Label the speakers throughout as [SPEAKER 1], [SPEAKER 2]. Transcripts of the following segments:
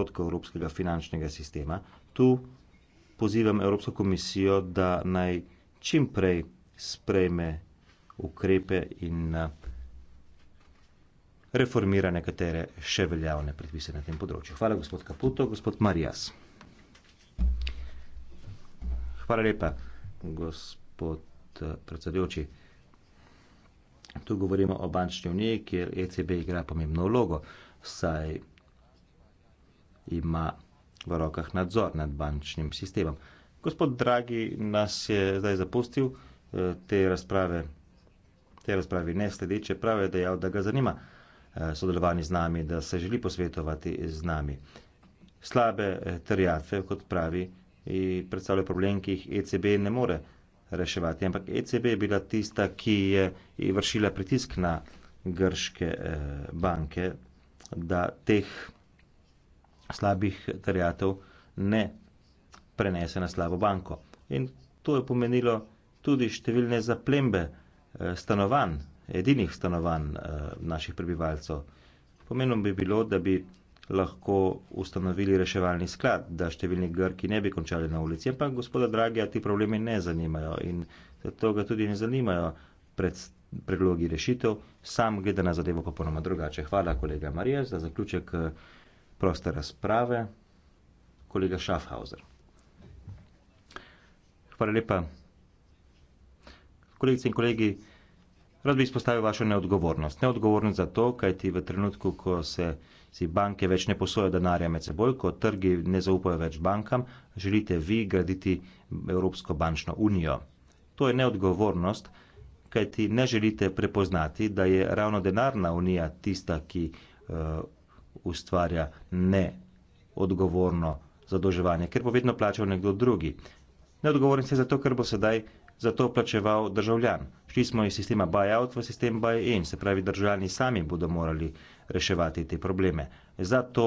[SPEAKER 1] odstotkov evropskega finančnega sistema. Tu pozivam Evropsko komisijo, da naj čim prej sprejme ukrepe in eh, reformira nekatere še veljavne predpise na tem področju. Hvala, gospod Kaputo. Gospod Marijas. Hvala lepa, gospod eh, predsedujoči. Tu govorimo o bančni uniji, kjer ECB igra pomembno vlogo, saj ima v rokah nadzor nad bančnim sistemom. Gospod Dragi nas je zdaj zapustil eh, te razprave, te razprave ne sledeče, prav je dejal, da ga zanima eh, sodelovanje z nami, da se želi posvetovati z nami. Slabe eh, trjatve, kot pravi, predstavljajo problem, ki jih ECB ne more reševati, ampak ECB je bila tista, ki je vršila pritisk na grške banke, da teh slabih terjatev ne prenese na slabo banko. In to je pomenilo tudi številne zaplembe eh, stanovanj, edinih stanovanj eh, naših prebivalcev. Pomenom bi bilo, da bi lahko ustanovili reševalni sklad, da številni grki ne bi končali na ulici. Ampak, gospoda Dragija, ti problemi ne zanimajo in zato ga tudi ne zanimajo pred predlogi rešitev. Sam gleda na zadevo popolnoma drugače. Hvala, kolega Marija, za zaključek. Eh, proste razprave, kolega Schaffhauser. Hvala lepa. Kolegice in kolegi, rad bi izpostavil vašo neodgovornost. Neodgovornost zato, kaj ti v trenutku, ko se si banke več ne posojajo denarja med seboj, ko trgi ne zaupajo več bankam, želite vi graditi Evropsko bančno unijo. To je neodgovornost, kaj ti ne želite prepoznati, da je ravno denarna unija tista, ki uh, ustvarja neodgovorno zadolževanje, ker bo vedno plačal nekdo drugi. Neodgovoren se zato, ker bo sedaj za to plačeval državljan. Šli smo iz sistema buyout v sistem buy-in, se pravi, državljani sami bodo morali reševati te probleme. Za to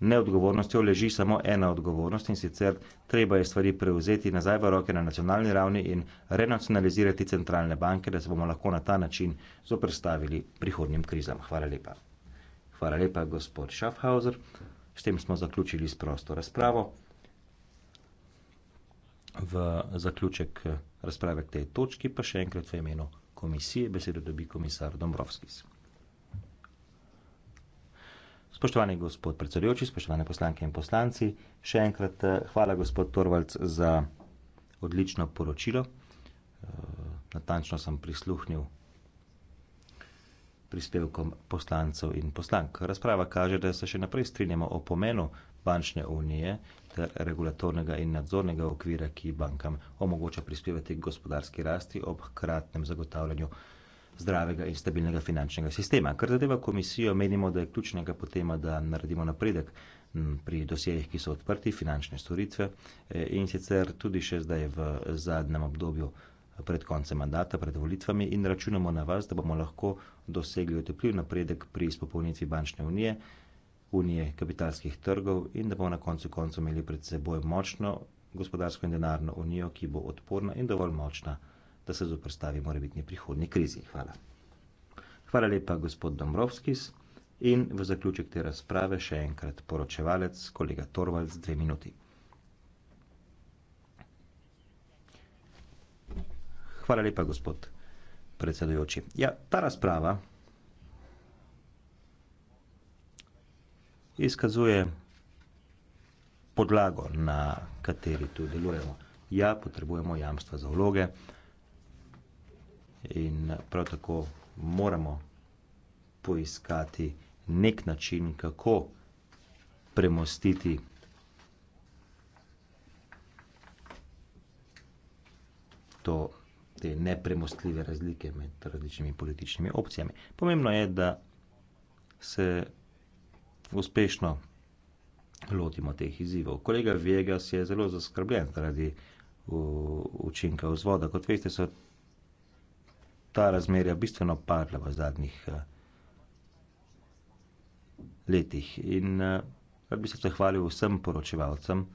[SPEAKER 1] neodgovornostjo leži samo ena odgovornost in sicer treba je stvari preuzeti nazaj v roke na nacionalni ravni in renacionalizirati centralne banke, da se bomo lahko na ta način zoprstavili prihodnjim krizam. Hvala lepa. Hvala lepa, gospod Schaffhauser. S tem smo zaključili s prosto razpravo. V zaključek eh, razprave k tej točki pa še enkrat v imenu komisije besedo dobi komisar Dombrovskis. Spoštovani gospod predsedujoči, spoštovane poslanke in poslanci, še enkrat eh, hvala gospod Torvalc za odlično poročilo. Eh, natančno sem prisluhnil prispevkom poslancev in poslank. Razprava kaže, da se še naprej strinjamo o pomenu bančne unije ter regulatornega in nadzornega okvira, ki bankam omogoča prispevati gospodarski rasti ob kratnem zagotavljanju zdravega in stabilnega finančnega sistema. Kar zadeva komisijo, menimo, da je ključnega potema, da naredimo napredek pri dosjejih, ki so odprti, finančne storitve e, in sicer tudi še zdaj v zadnjem obdobju pred koncem mandata, pred volitvami in računamo na vas, da bomo lahko dosegli otepljiv napredek pri izpopolnitvi bančne unije, unije kapitalskih trgov in da bomo na koncu koncu imeli pred seboj močno gospodarsko in denarno unijo, ki bo odporna in dovolj močna, da se zoprstavi morebitni prihodni krizi. Hvala. Hvala lepa, gospod Dombrovskis. In v zaključek te razprave še enkrat poročevalec, kolega Torvalds, dve minuti. Hvala lepa, gospod predsedujoči. Ja, ta razprava izkazuje podlago, na kateri tu delujemo. Ja, potrebujemo jamstva za vloge in prav tako moramo poiskati nek način, kako premostiti to vloge te nepremostljive razlike med različnimi političnimi opcijami. Pomembno je, da se uspešno lotimo teh izzivov. Kolega Vegas je zelo zaskrbljen zaradi učinka vzvoda. Kot veste, so ta razmerja bistveno padla v zadnjih eh, letih. In eh, rad bi se zahvalil vsem poročevalcem.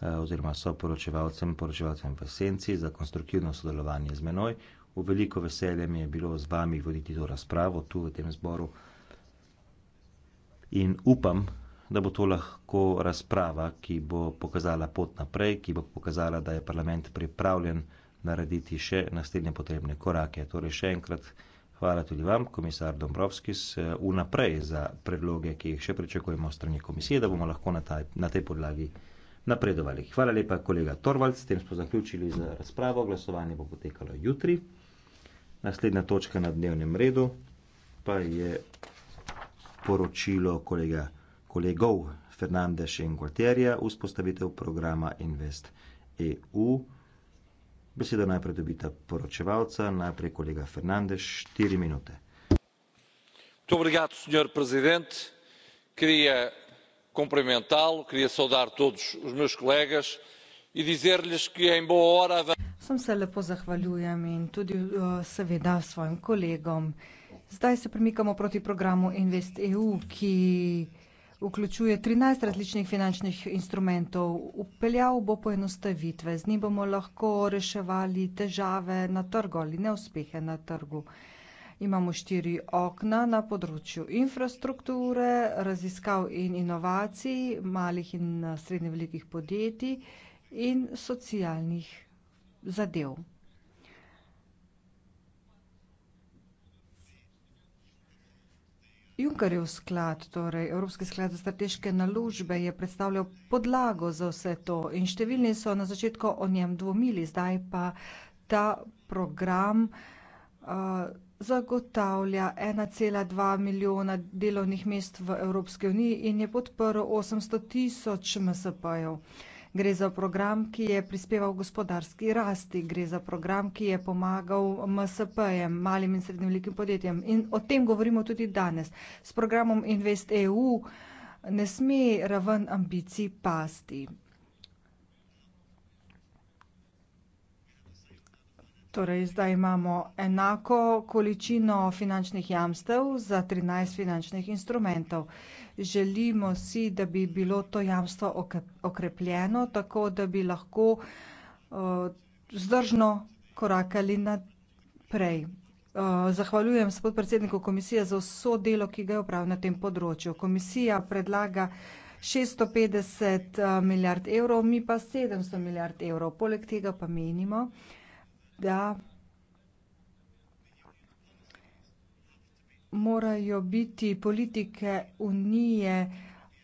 [SPEAKER 1] Eh, oziroma so poročevalcem, poročevalcem v senci za konstruktivno sodelovanje z menoj. V veliko veselje mi je bilo z vami voditi to razpravo tu v tem zboru in upam, da bo to lahko razprava, ki bo pokazala pot naprej, ki bo pokazala, da je parlament pripravljen narediti še naslednje potrebne korake. Torej še enkrat hvala tudi vam, komisar Dombrovskis, eh, vnaprej za predloge, ki jih še pričakujemo strani komisije, da bomo lahko na, taj, na tej podlagi napredovali. Hvala lepa, kolega Torvald, s tem smo zaključili z razpravo, glasovanje bo potekalo jutri. Naslednja točka na dnevnem redu pa je poročilo kolega, kolegov Fernandeš in Gualtierja, vzpostavitev programa Invest EU. Beseda najprej dobita poročevalca, najprej kolega Fernandeš, štiri minute. Dobrigado, senhor presidente. Queria cumprimentá lo queria saudar todos os meus colegas e dizer lhes que em boa hora.
[SPEAKER 2] Sem se lepo zahvaljujem in tudi eh, seveda svojim kolegom. Zdaj se premikamo proti programu Invest EU, ki vključuje 13 različnih finančnih instrumentov. Upeljal bo poenostavitve, z njim bomo lahko reševali težave na trgu ali neuspehe na trgu. Imamo štiri okna na področju infrastrukture, raziskav in inovacij, malih in eh, srednje velikih podjetij in socialnih zadev. Junckerjev sklad, torej Evropski sklad za strateške naložbe, je predstavljal podlago za vse to in številni so na začetku o njem dvomili, zdaj pa ta program uh, zagotavlja 1,2 milijona delovnih mest v Evropske uniji in je podprl 800 tisoč MSP-jev. Gre za program, ki je prispeval gospodarski rasti, gre za program, ki je pomagal MSP-jem, malim in srednjim velikim podjetjem. In o tem govorimo tudi danes. S programom InvestEU ne sme raven ambicij pasti. Torej, zdaj imamo enako količino finančnih jamstev za 13 finančnih instrumentov. Želimo si, da bi bilo to jamstvo okrepljeno, tako da bi lahko uh, zdržno korakali naprej. Uh, zahvaljujem se podpredsedniku komisije za vso delo, ki ga je opravil na tem področju. Komisija predlaga 650 uh, milijard evrov, mi pa 700 milijard evrov. Poleg tega pa menimo, da morajo biti politike unije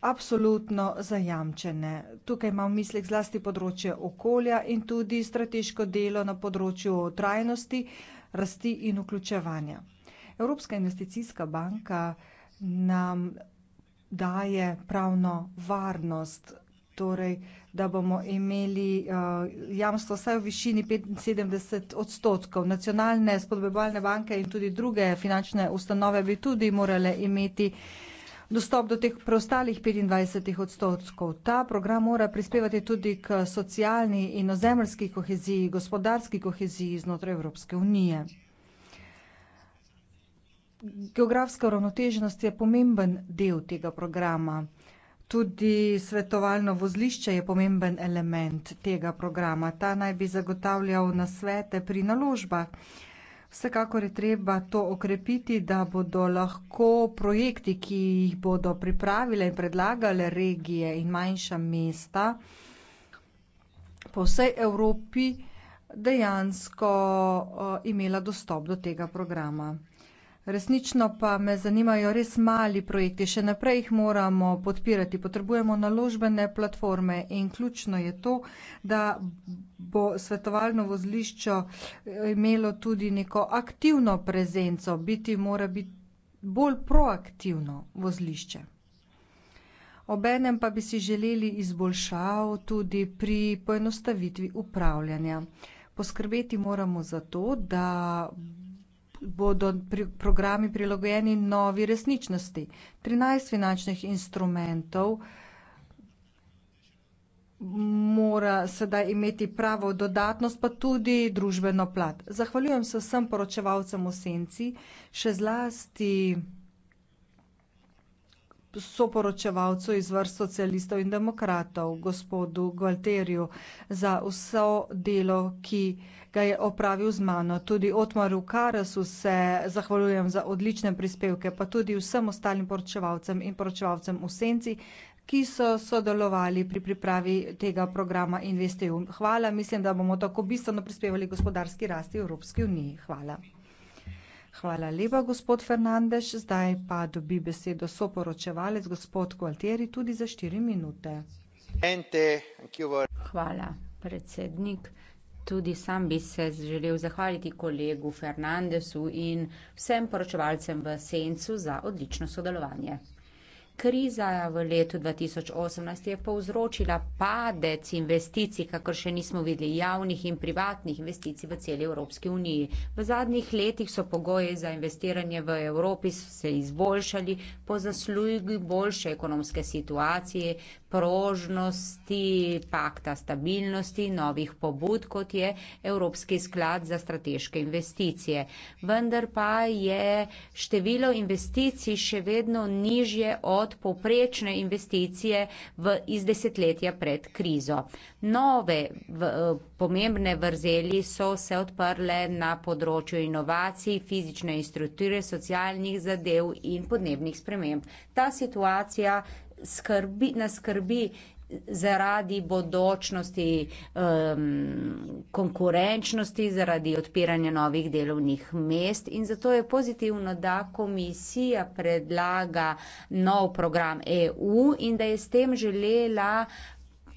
[SPEAKER 2] absolutno zajamčene. Tukaj imam v mislih zlasti področje okolja in tudi strateško delo na področju trajnosti, rasti in vključevanja. Evropska investicijska banka nam daje pravno varnost torej, da bomo imeli uh, jamstvo vsaj v višini 75 odstotkov. Nacionalne spodbebalne banke in tudi druge finančne ustanove bi tudi morale imeti dostop do teh preostalih 25 odstotkov. Ta program mora prispevati tudi k socialni in ozemljski koheziji, gospodarski koheziji znotraj Evropske unije. Geografska ravnotežnost je pomemben del tega programa. Tudi svetovalno vozlišče je pomemben element tega programa. Ta naj bi zagotavljal nasvete pri naložbah. Vsekakor je treba to okrepiti, da bodo lahko projekti, ki jih bodo pripravile in predlagale regije in manjša mesta po vsej Evropi dejansko uh, imela dostop do tega programa. Resnično pa me zanimajo res mali projekti, še naprej jih moramo podpirati. Potrebujemo naložbene platforme in ključno je to, da bo svetovalno vozliščo imelo tudi neko aktivno prezenco, biti mora biti bolj proaktivno vozlišče. Obenem pa bi si želeli izboljšav tudi pri poenostavitvi upravljanja. Poskrbeti moramo za to, da bodo pri, programi prilagojeni novi resničnosti. 13 finančnih instrumentov mora sedaj imeti pravo dodatnost, pa tudi družbeno plat. Zahvaljujem se vsem poročevalcem v Senci, še zlasti soporočevalcu iz vrst socialistov in demokratov, gospodu Gualteriju, za vso delo, ki ga je opravil z mano. Tudi Otmaru Karasu se zahvaljujem za odlične prispevke, pa tudi vsem ostalim poročevalcem in poročevalcem v senci, ki so sodelovali pri pripravi tega programa Investeum. Hvala, mislim, da bomo tako bistveno prispevali gospodarski rasti Evropske unije. Hvala. Hvala lepa, gospod Fernandeš. Zdaj pa dobi besedo soporočevalec, gospod Gualtieri, tudi za štiri minute. Hvala, predsednik. Tudi sam bi se
[SPEAKER 3] želel zahvaliti kolegu Fernandesu in vsem poročevalcem v Sencu za odlično sodelovanje. Kriza v letu 2018 je povzročila padec investicij, kakor še nismo videli, javnih in privatnih investicij v celi Evropski uniji. V zadnjih letih so pogoje za investiranje v Evropi se izboljšali po zaslugi boljše ekonomske situacije, prožnosti, pakta stabilnosti, novih pobud, kot je Evropski sklad za strateške investicije. Vendar pa je število investicij še vedno nižje od od povprečne investicije v, iz desetletja pred krizo. Nove v, pomembne vrzeli so se odprle na področju inovacij, fizične instrukture, socialnih zadev in podnebnih sprememb. Ta situacija skrbi, nas skrbi zaradi bodočnosti um, konkurenčnosti, zaradi odpiranja novih delovnih mest in zato je pozitivno, da komisija predlaga nov program EU in da je s tem želela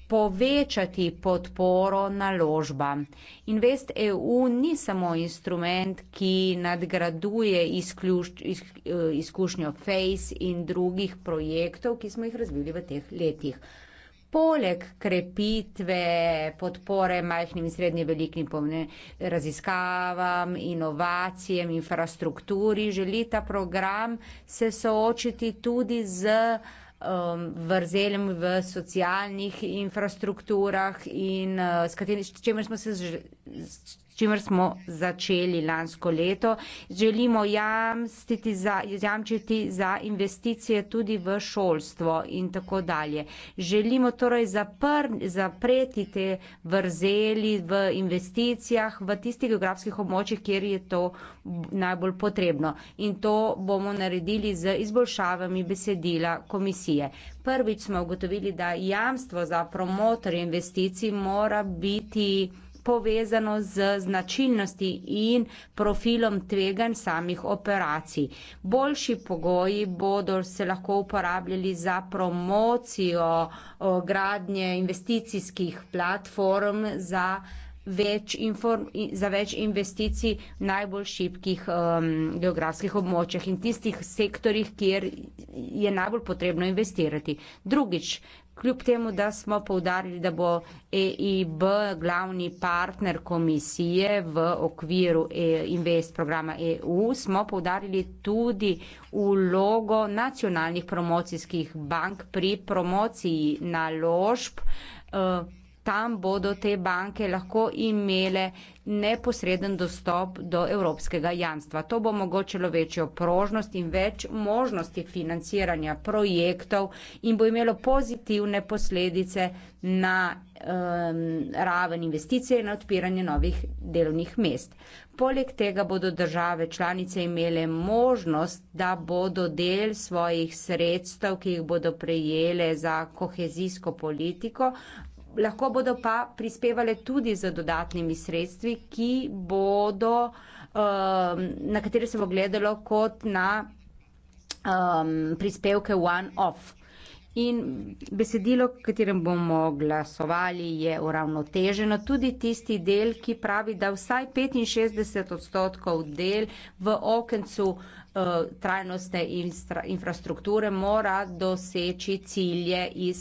[SPEAKER 3] povečati podporo naložbam. Invest EU ni samo instrument, ki nadgraduje izkljuš, iz, eh, izkušnjo FACE in drugih projektov, ki smo jih razvili v teh letih poleg krepitve podpore majhnim in srednje velikim raziskavam, inovacijam, infrastrukturi, želi ta program se soočiti tudi z um, vrzeljem v socialnih infrastrukturah in uh, s katerimi smo se že čimer smo začeli lansko leto. Želimo jamstiti za, jamčiti za investicije tudi v šolstvo in tako dalje. Želimo torej zapr, zapreti te vrzeli v investicijah v tistih geografskih območjih, kjer je to najbolj potrebno. In to bomo naredili z izboljšavami besedila komisije. Prvič smo ugotovili, da jamstvo za promotor investicij mora biti povezano z značilnosti in profilom tveganj samih operacij. Boljši pogoji bodo se lahko uporabljali za promocijo gradnje investicijskih platform za Več inform, za več investicij v najbolj šibkih um, geografskih območjih in tistih sektorjih, kjer je najbolj potrebno investirati. Drugič, kljub temu, da smo povdarili, da bo EIB glavni partner komisije v okviru e, invest programa EU, smo povdarili tudi ulogo nacionalnih promocijskih bank pri promociji naložb. Uh, tam bodo te banke lahko imele neposreden dostop do evropskega jamstva. To bo omogočilo večjo prožnost in več možnosti financiranja projektov in bo imelo pozitivne posledice na um, raven investicije in na odpiranje novih delovnih mest. Poleg tega bodo države članice imele možnost, da bodo del svojih sredstev, ki jih bodo prejele za kohezijsko politiko, lahko bodo pa prispevale tudi z dodatnimi sredstvi, bodo, um, na katere se bo gledalo kot na um, prispevke one-off. In besedilo, katerem bomo glasovali, je uravnoteženo. Tudi tisti del, ki pravi, da vsaj 65 odstotkov del v okencu uh, Eh, trajnostne infrastrukture mora doseči cilje iz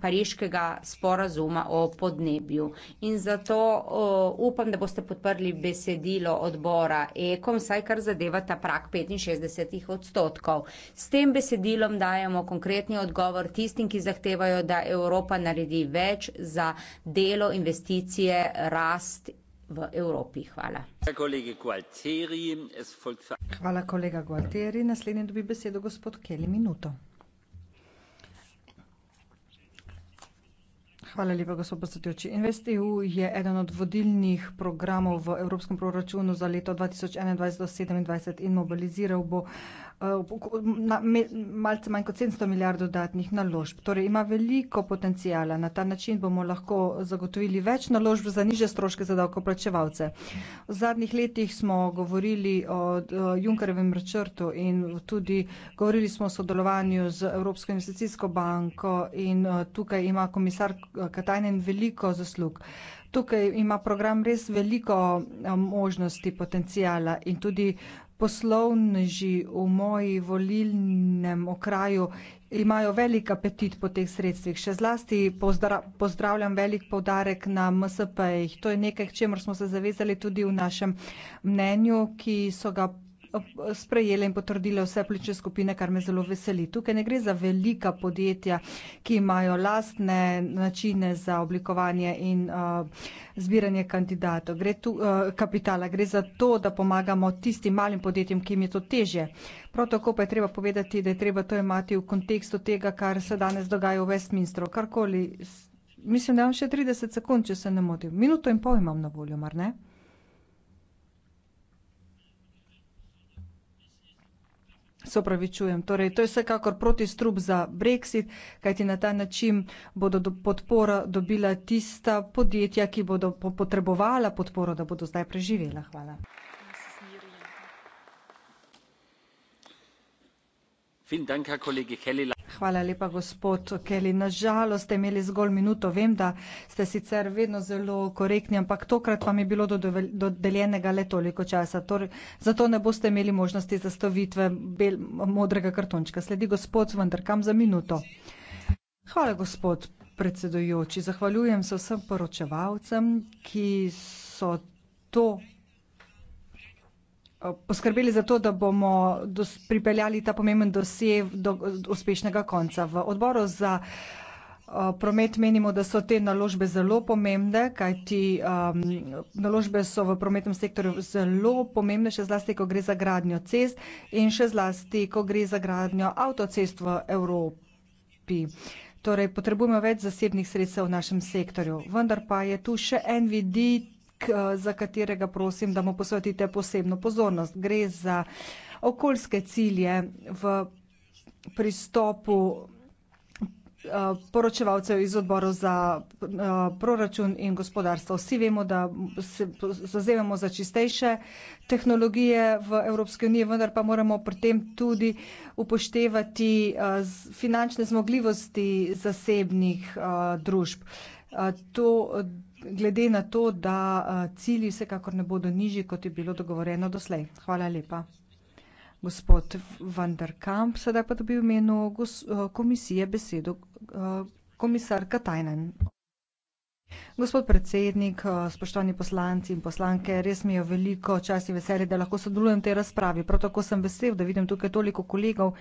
[SPEAKER 3] pariškega sporazuma o podnebju. In zato eh, upam, da boste podprli besedilo odbora EKOM, saj kar zadeva ta prak 65 odstotkov. S tem besedilom dajemo konkretni odgovor tistim, ki zahtevajo, da Evropa naredi več za delo, investicije, rast v Evropi. Hvala.
[SPEAKER 2] Hvala, kolega Gualtieri. Naslednji dobi besedo gospod Kelly Minuto. Hvala lepa, gospod predsedujoči. InvestEU je eden od vodilnih programov v evropskem proračunu za leto 2021-2027 in mobiliziral bo malce manj kot 700 milijard dodatnih naložb. Torej ima veliko potencijala. Na ta način bomo lahko zagotovili več naložb za niže stroške za davkoplačevalce. V zadnjih letih smo govorili o Junkerjevem račrtu in tudi govorili smo o sodelovanju z Evropsko investicijsko banko in tukaj ima komisar Katajnen veliko zaslug. Tukaj ima program res veliko možnosti, potencijala in tudi poslovneži v moji volilnem okraju imajo velik apetit po teh sredstvih, še zlasti pozdra pozdravljam velik poudarek na MSP-jih. To je nekaj, k čemur smo se zavezali tudi v našem mnenju, ki so ga sprejele in potrdile vse politične skupine, kar me zelo veseli. Tukaj ne gre za velika podjetja, ki imajo lastne načine za oblikovanje in uh, zbiranje kandidatov. Gre tu uh, kapitala, gre za to, da pomagamo tistim malim podjetjem, ki jim je to teže. Prav tako pa je treba povedati, da je treba to imati v kontekstu tega, kar se danes dogaja v Westminsteru. Karkoli, mislim, da imam še 30 sekund, če se ne motim. Minuto in pol imam na voljo, mar ne? se opravičujem. Torej, to je vsekakor protistrup za Brexit, kajti na ta način bodo do podpora dobila tista podjetja, ki bodo potrebovala podporo, da bodo zdaj preživela. Hvala. Hvala lepa, gospod Kelly. Na žalost ste imeli zgolj minuto. Vem, da ste sicer vedno zelo korektni, ampak tokrat vam je bilo dodeljenega le toliko časa. Tore, zato ne boste imeli možnosti zastavitve bel, modrega kartončka. Sledi gospod, vendar kam za minuto. Hvala, gospod predsedujoči. Zahvaljujem se vsem poročevalcem, ki so to poskrbeli za to, da bomo pripeljali ta pomemben dosje do uspešnega konca. V odboru za uh, promet menimo, da so te naložbe zelo pomembne, kajti um, naložbe so v prometnem sektorju zelo pomembne, še zlasti, ko gre za gradnjo cest in še zlasti, ko gre za gradnjo avtocest v Evropi. Torej, potrebujemo več zasebnih sredstev v našem sektorju. Vendar pa je tu še en vidik k, eh, za katerega prosim, da mu posvetite posebno pozornost. Gre za okoljske cilje v pristopu eh, poročevalcev iz odboru za eh, proračun in gospodarstvo. Vsi vemo, da se zazevamo za čistejše tehnologije v Evropski uniji, vendar pa moramo pri tem tudi upoštevati finančne zmogljivosti zasebnih družb. To glede na to, da eh, cilji vsekakor ne bodo nižji, kot je bilo dogovorjeno doslej. Hvala lepa. Gospod Vanderkamp, sedaj pa dobi v imenu eh, komisije besedo eh, komisar Katajnen. Gospod predsednik, spoštovani poslanci in poslanke, res mi je veliko čas in veselje, da lahko sodelujem v tej razpravi. Prav tako sem vesel, da vidim tukaj toliko kolegov,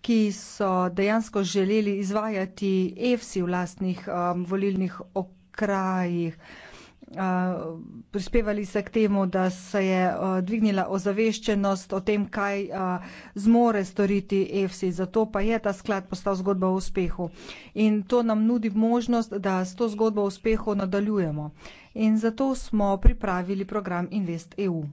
[SPEAKER 2] ki so dejansko želeli izvajati EFSI v lastnih um, volilnih okoljih krajih. Prispevali se k temu, da se je dvignila ozaveščenost o tem, kaj zmore storiti EFSI. Zato pa je ta sklad postal zgodba o uspehu. In to nam nudi možnost, da s to zgodbo o uspehu nadaljujemo. In zato smo pripravili program Invest EU.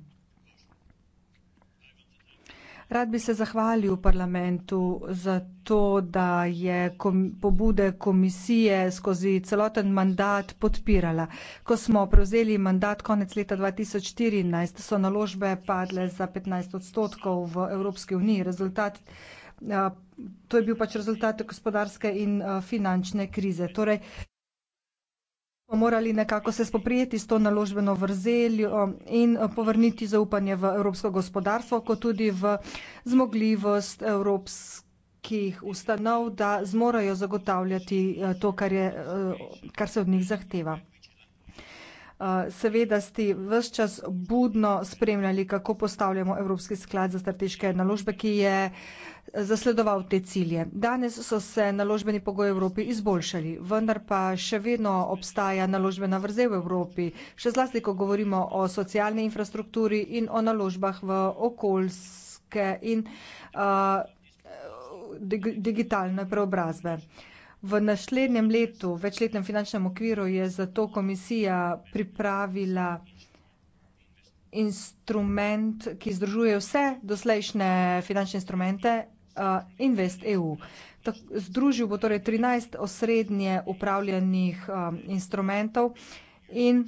[SPEAKER 2] Rad bi se zahvalil parlamentu za to, da je kom pobude komisije skozi celoten mandat podpirala. Ko smo prevzeli mandat konec leta 2014, so naložbe padle za 15 odstotkov v Evropski uniji. Rezultat To je bil pač rezultat gospodarske in finančne krize. Torej, smo morali nekako se spoprijeti s to naložbeno vrzeljo in povrniti zaupanje v evropsko gospodarstvo, kot tudi v zmogljivost evropske kih ustanov, da zmorajo zagotavljati eh, to, kar je, eh, kar se od njih zahteva. Eh, seveda ste ves čas budno spremljali, kako postavljamo Evropski sklad za strateške naložbe, ki je eh, zasledoval te cilje. Danes so se naložbeni pogoji v Evropi izboljšali, vendar pa še vedno obstaja naložbena vrzel v Evropi, še zlasti, ko govorimo o socialni infrastrukturi in o naložbah v okoljske in uh, dig digitalne preobrazbe. Uh, V naslednjem letu, večletnem finančnem okviru, je zato komisija pripravila instrument, ki združuje vse doslejšnje finančne instrumente, uh, InvestEU. Združil bo torej trinajst osrednje upravljanih, um, instrumentov in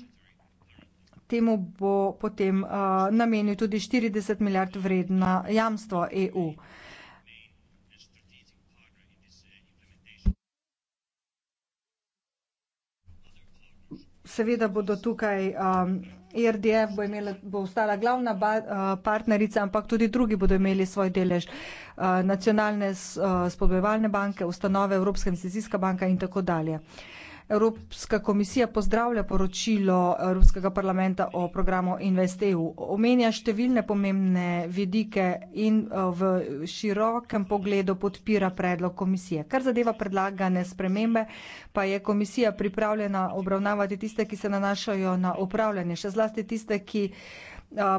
[SPEAKER 2] temu bo potem, uh, namenil tudi štirideset milijard vredna jamstva EU. seveda bodo tukaj. Um, IRDF bo, imela, bo ostala glavna ba, uh, partnerica, ampak tudi drugi bodo imeli svoj delež. Uh, nacionalne uh, spodbojevalne banke, ustanove Evropske investicijska banka in tako dalje. Evropska komisija pozdravlja poročilo Evropskega parlamenta o programu InvestEU. Omenja številne pomembne vidike in eh, v širokem pogledu podpira predlog komisije. Kar zadeva predlagane spremembe, pa je komisija pripravljena obravnavati tiste, ki se nanašajo na upravljanje, še zlasti tiste, ki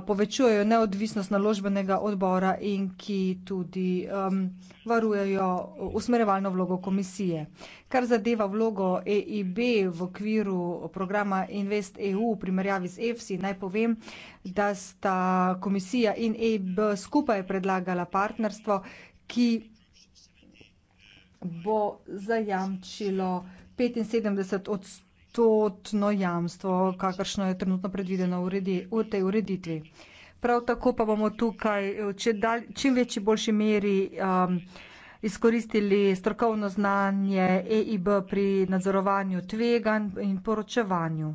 [SPEAKER 2] povečujejo neodvisnost naložbenega odbora in ki tudi um, varujejo uh, usmerjevalno vlogo komisije. Kar zadeva vlogo EIB v okviru programa Invest EU v primerjavi z EFSI, naj povem, da sta komisija in EIB skupaj predlagala partnerstvo, ki bo zajamčilo 75 odstotkov stotno jamstvo, kakršno je trenutno predvideno v, redi, v tej ureditvi. Prav tako pa bomo tukaj v čim večji boljši meri um, izkoristili strokovno znanje EIB pri nadzorovanju tveganj in poročevanju.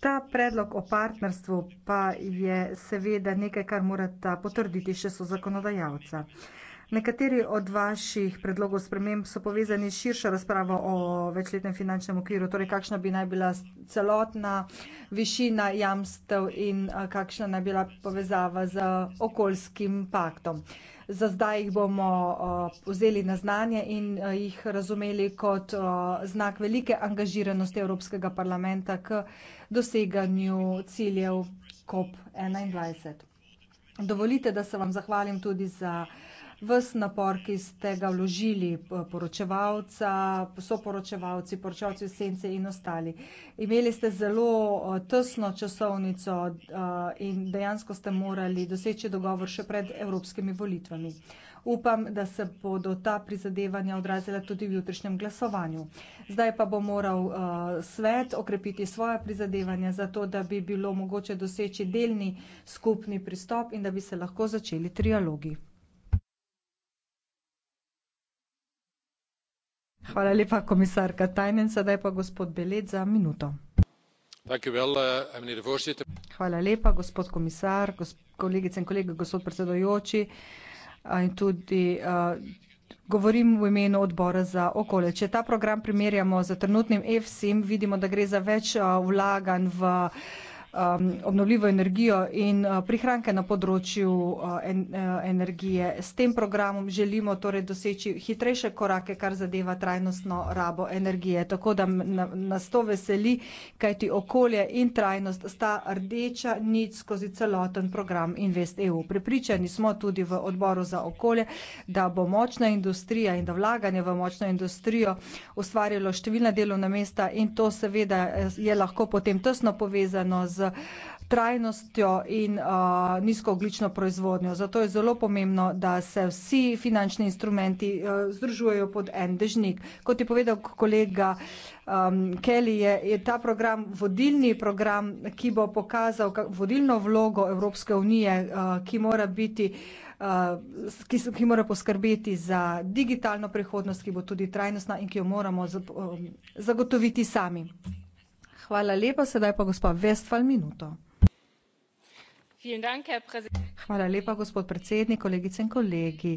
[SPEAKER 2] Ta predlog o partnerstvu pa je seveda nekaj, kar morata potrditi še so zakonodajalca. Nekateri od vaših predlogov sprememb so povezani s širšo razpravo o večletnem finančnem okviru, torej kakšna bi naj bila celotna višina jamstev in eh, kakšna naj bila povezava z okoljskim paktom. Za zdaj jih bomo eh, vzeli na znanje in eh, jih razumeli kot znak velike angažiranosti Evropskega parlamenta k doseganju ciljev COP21. Dovolite, da se vam zahvalim tudi za vs napor, ki ste ga vložili, poročevalca, soporočevalci, poročevalci Sence in ostali. Imeli ste zelo tesno časovnico in dejansko ste morali doseči dogovor še pred evropskimi volitvami. Upam, da se bodo ta prizadevanja odrazila tudi v jutrišnjem glasovanju. Zdaj pa bo moral uh, svet okrepiti svoja prizadevanja za to, da bi bilo mogoče doseči delni skupni pristop in da bi se lahko začeli trialogi. Hvala lepa, komisarka Tajnen. Sedaj pa gospod Beled za minuto. Eh, Hvala lepa, gospod komisar, kolegice in kolege, gospod predsedujoči in tudi govorim v imenu odbora za okolje. Če ta program primerjamo z trenutnim EFSIM, vidimo, da gre za več vlaganj v um, obnovljivo energijo in uh, prihranke na področju uh, en, uh, energije. S tem programom želimo torej doseči hitrejše korake, kar zadeva trajnostno rabo energije. Tako da nas to veseli, kajti okolje in trajnost sta rdeča nic skozi celoten program Invest EU. Pripričani smo tudi v odboru za okolje, da bo močna industrija in da vlaganje v močno industrijo ustvarjalo številna delovna mesta in to seveda eh, je lahko potem tesno povezano z trajnostjo in uh, nizkooglično proizvodnjo. Zato je zelo pomembno, da se vsi finančni instrumenti uh, združujejo pod en dežnik. Kot je povedal kolega um, Kelly, je, je ta program vodilni program, ki bo pokazal vodilno vlogo Evropske unije, uh, ki mora biti Ki, ki mora poskrbeti za digitalno prihodnost, ki bo tudi trajnostna in ki jo moramo um, zagotoviti sami. Hvala lepa, sedaj pa gospa Vestfal minuto. Hvala lepa, gospod predsednik, kolegice in kolegi.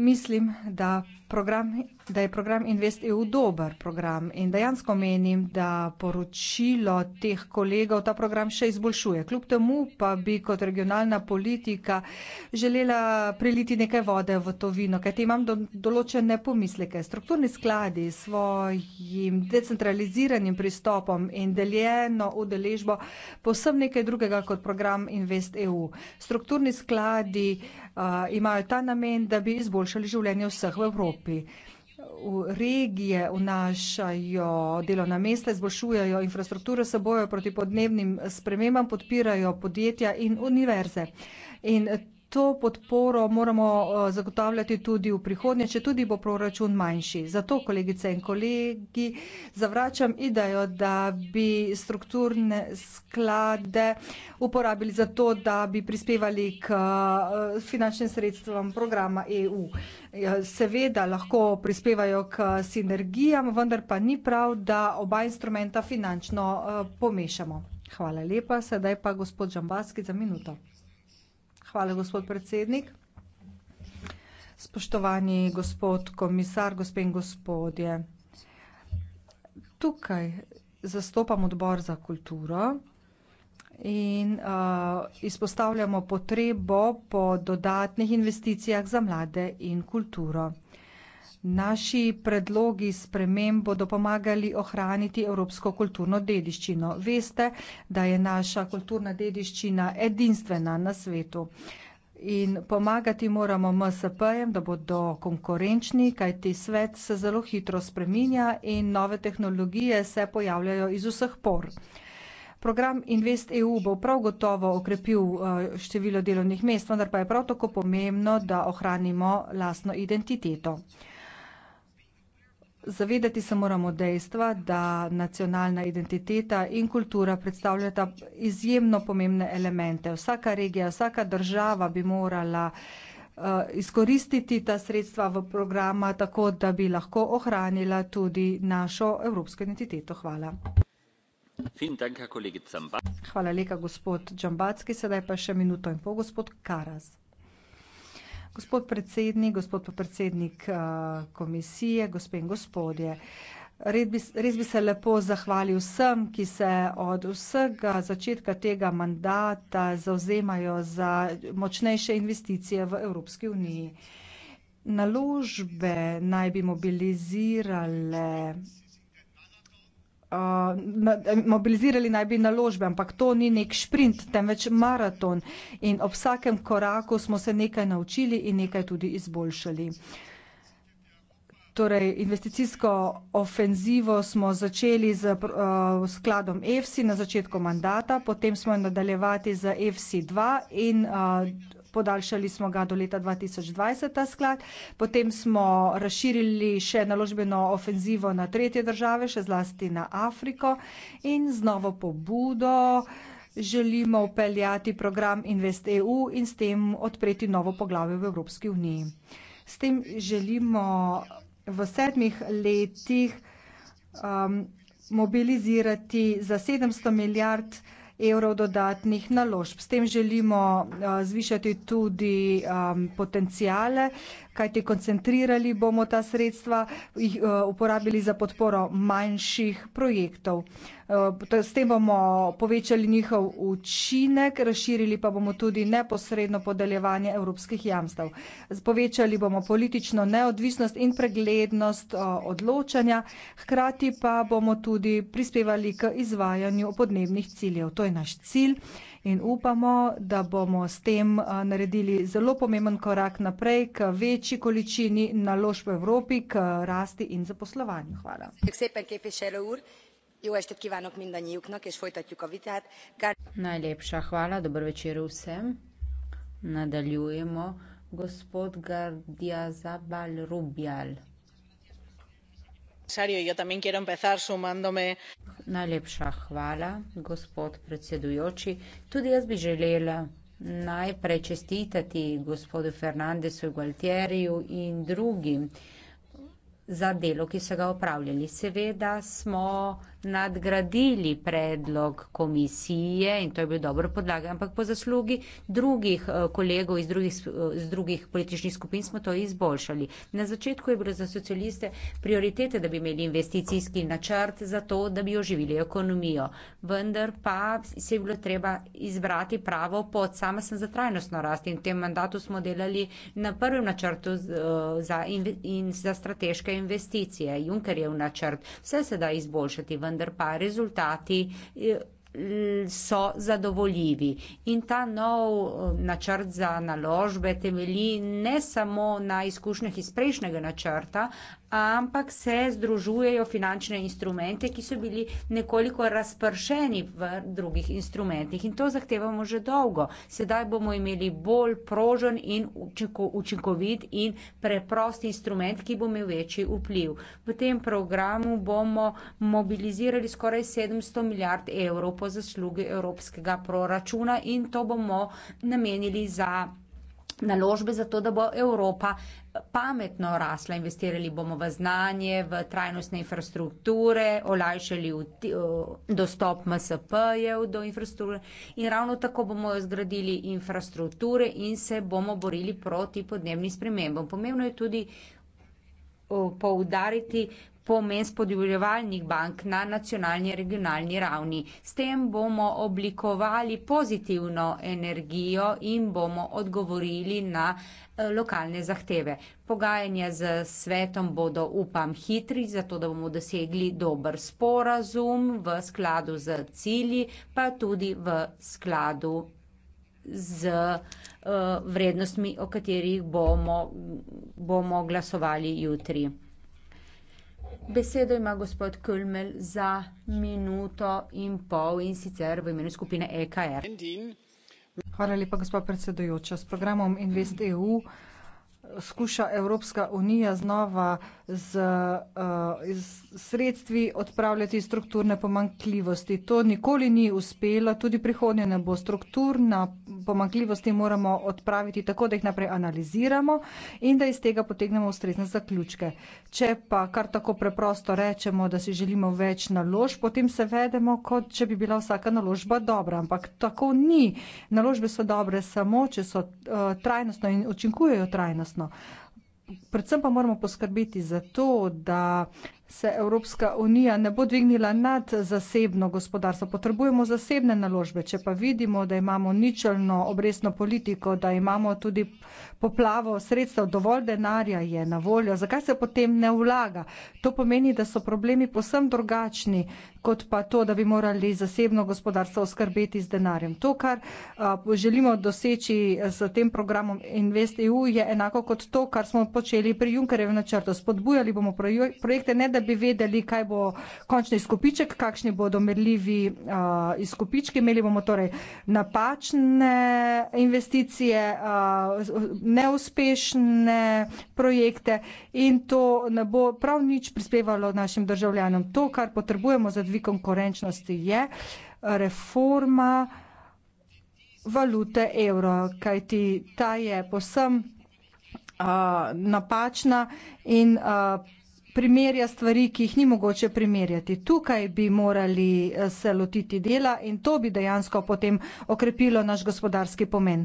[SPEAKER 2] Mislim, da program, da je program InvestEU dober program in dejansko menim, da poročilo teh kolegov ta program še izboljšuje. Kljub temu pa bi kot regionalna politika želela priliti nekaj vode v to vino, kajti imam do, določene pomisleke. Strukturni skladi s svojim decentraliziranim pristopom in deljeno udeležbo posebno nekaj drugega kot program InvestEU. Strukturni skladi uh, imajo ta namen, da bi izboljšali življenje vseh v Evropi ukrepi v regije vnašajo delovna mesta, izboljšujejo infrastrukturo, se bojo proti podnebnim spremembam, podpirajo podjetja in univerze. In to podporo moramo eh, zagotavljati tudi v prihodnje, če tudi bo proračun manjši. Zato, kolegice in kolegi, zavračam idejo, da bi strukturne sklade uporabili za to, da bi prispevali k eh, finančnim sredstvom programa EU. Ja, seveda lahko prispevajo k sinergijam, vendar pa ni prav, da oba instrumenta finančno eh, pomešamo. Hvala lepa, sedaj pa gospod Žambaski za minuto. Hvala, gospod predsednik. Spoštovani gospod komisar, gospe in gospodje. Tukaj zastopam odbor za kulturo in, uh, izpostavljamo potrebo po dodatnih investicijah za mlade in kulturo. Naši predlogi sprememb bodo pomagali ohraniti evropsko kulturno dediščino. Veste, da je naša kulturna dediščina edinstvena na svetu. In pomagati moramo MSP-jem, da bodo konkurenčni, kajti svet se zelo hitro spreminja in nove tehnologije se pojavljajo iz vseh por. Program Invest EU bo prav gotovo okrepil eh, število delovnih mest, vendar pa je prav tako pomembno, da ohranimo lastno identiteto. Zavedati se moramo dejstva, da nacionalna identiteta in kultura predstavljata izjemno pomembne elemente. Vsaka regija, vsaka država bi morala eh, izkoristiti ta sredstva v programa, tako da bi lahko ohranila tudi našo evropsko identiteto. Hvala. Hvala lepa, gospod Džambacki. Sedaj pa še minuto in pol, gospod Karas. Gospod predsednik, gospod predsednik uh, eh, komisije, gospe in gospodje, Red bi, res bi se lepo zahvalil vsem, ki se od vsega začetka tega mandata zauzemajo za močnejše investicije v Evropski uniji. Naložbe naj bi mobilizirale Uh, na, mobilizirali naj bi naložbe, ampak to ni nek sprint, temveč maraton. In ob vsakem koraku smo se nekaj naučili in nekaj tudi izboljšali. Torej, investicijsko ofenzivo smo začeli z uh, eh, skladom EFSI na začetku mandata, potem smo nadaljevati z EFSI 2 in uh, podaljšali smo ga do leta 2020, ta sklad. Potem smo razširili še naložbeno ofenzivo na tretje države, še zlasti na Afriko in z novo pobudo želimo upeljati program InvestEU in s tem odpreti novo poglavje v Evropski uniji. S tem želimo v sedmih letih um, mobilizirati za 700 milijard evrov evrov dodatnih naložb. S tem želimo eh, zvišati tudi eh, potenciale kajti koncentrirali bomo ta sredstva, jih eh, uporabili za podporo manjših projektov. Eh, s tem bomo povečali njihov učinek, razširili pa bomo tudi neposredno podeljevanje evropskih jamstev. Povečali bomo politično neodvisnost in preglednost eh, odločanja, hkrati pa bomo tudi prispevali k izvajanju podnebnih ciljev. To je naš cilj in upamo, da bomo s tem uh, naredili zelo pomemben korak naprej k večji količini naložb v Evropi, k rasti in zaposlovanju. Hvala.
[SPEAKER 3] Najlepša hvala, dober večer vsem. Nadaljujemo. Gospod Gardiazabal Rubial
[SPEAKER 2] komisarju yo también quiero empezar sumándome
[SPEAKER 3] Najlepša hvala, gospod predsedujoči. Tudi jaz bi želela najprej čestitati gospodu Fernandesu Gualtieriju in drugim za delo, ki so ga opravljali. Seveda smo nadgradili predlog komisije in to je bil dobro podlag, ampak po zaslugi drugih eh, kolegov iz drugih, eh, iz drugih političnih skupin smo to izboljšali. Na začetku je bilo za socialiste prioritete, da bi imeli investicijski načrt za to, da bi oživili ekonomijo. Vendar pa se je bilo treba izbrati pravo pot. Sama sem za trajnostno rast in v tem mandatu smo delali na prvem načrtu eh, za, in, in za strateške investicije. Junker je v načrt. Vse se da izboljšati, vendar vendar pa rezultati eh, so zadovoljivi. In ta nov eh, načrt za naložbe temelji ne samo na izkušnjah iz prejšnjega načrta, ampak se združujejo finančne instrumente, ki so bili nekoliko razpršeni v drugih instrumentih in to zahtevamo že dolgo. Sedaj bomo imeli bolj prožen in učinkovit in preprost instrument, ki bo imel večji vpliv. V tem programu bomo mobilizirali skoraj 700 milijard evrov po zaslugi evropskega proračuna in to bomo namenili za naložbe za to, da bo Evropa pametno rasla. Investirali bomo v znanje, v trajnostne infrastrukture, olajšali dostop MSP-jev do infrastrukture in ravno tako bomo zgradili infrastrukture in se bomo borili proti podnebnim spremembam. Pomembno je tudi poudariti pomen spodbujevalnih bank na nacionalni in regionalni ravni. S tem bomo oblikovali pozitivno energijo in bomo odgovorili na eh, lokalne zahteve. Pogajanja z svetom bodo, upam, hitri, zato da bomo dosegli dober sporazum v skladu z cilji, pa tudi v skladu z uh, vrednostmi, o katerih bomo, bomo glasovali jutri. Besedo ima gospod Kölmel za minuto in pol in sicer v imenu skupine EKR.
[SPEAKER 2] Hvala lepa, gospod predsedujoča. S programom InvestEU skuša Evropska unija znova z, uh, eh, z sredstvi odpravljati strukturne pomankljivosti. To nikoli ni uspelo, tudi prihodnje ne bo. Strukturna pomankljivosti moramo odpraviti tako, da jih naprej analiziramo in da iz tega potegnemo ustrezne zaključke. Če pa kar tako preprosto rečemo, da si želimo več nalož, potem se vedemo, kot če bi bila vsaka naložba dobra. Ampak tako ni. Naložbe so dobre samo, če so uh, trajnostno in učinkujejo trajnostno. Predvsem pa moramo poskrbiti za to, da se Evropska unija ne bo dvignila nad zasebno gospodarstvo. Potrebujemo zasebne naložbe. Če pa vidimo, da imamo ničelno obresno politiko, da imamo tudi poplavo sredstev, dovolj denarja je na voljo, zakaj se potem ne vlaga? To pomeni, da so problemi posem drugačni, kot pa to, da bi morali zasebno gospodarstvo oskrbeti z denarjem. To, kar a, želimo doseči s tem programom InvestEU, je enako kot to, kar smo počeli pri Junkerjevem načrtu. Spodbujali bomo projekte, ne da bi vedeli, kaj bo končni izkupiček, kakšni bodo merljivi uh, izkupički. Imeli bomo torej napačne investicije, uh, neuspešne projekte in to ne bo prav nič prispevalo našim državljanom. To, kar potrebujemo za dvig konkurenčnosti, je reforma valute evro, kajti ta je posem uh, napačna in uh, primerja stvari, ki jih ni mogoče primerjati. Tukaj bi morali eh, se lotiti dela in to bi dejansko potem okrepilo naš gospodarski pomen.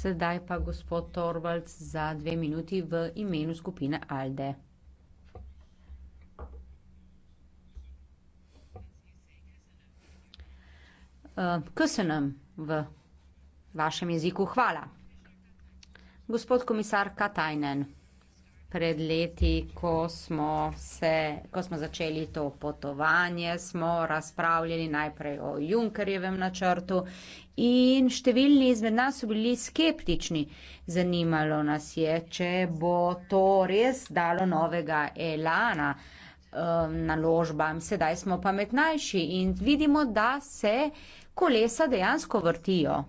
[SPEAKER 3] Sedaj pa gospod Torvalds za dve minuti v imenu skupine Alde. Eh, KSNM v vašem jeziku. Hvala. Gospod komisar Katajnen pred leti, ko smo, se, ko smo začeli to potovanje, smo razpravljali najprej o Junkerjevem načrtu in številni izmed nas so bili skeptični. Zanimalo nas je, če bo to res dalo novega elana um, naložbam, sedaj smo pametnejši in vidimo, da se kolesa dejansko vrtijo.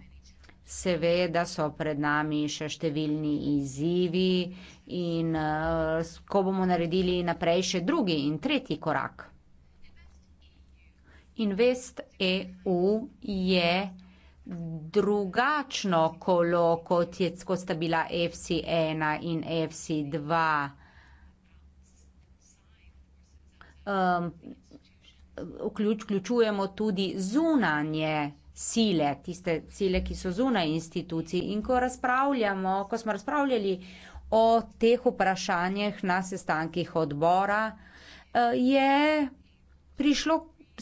[SPEAKER 3] Seveda so pred nami še številni izzivi in eh, ko bomo naredili naprej še drugi in tretji korak. InvestEU je drugačno kolo, kot je, kot sta bila FC ena in FC dva. vključujemo tudi zunanje sile, tiste sile, ki so zunaj institucij. In ko razpravljamo, ko smo razpravljali o teh vprašanjih na sestankih odbora, eh, je prišlo,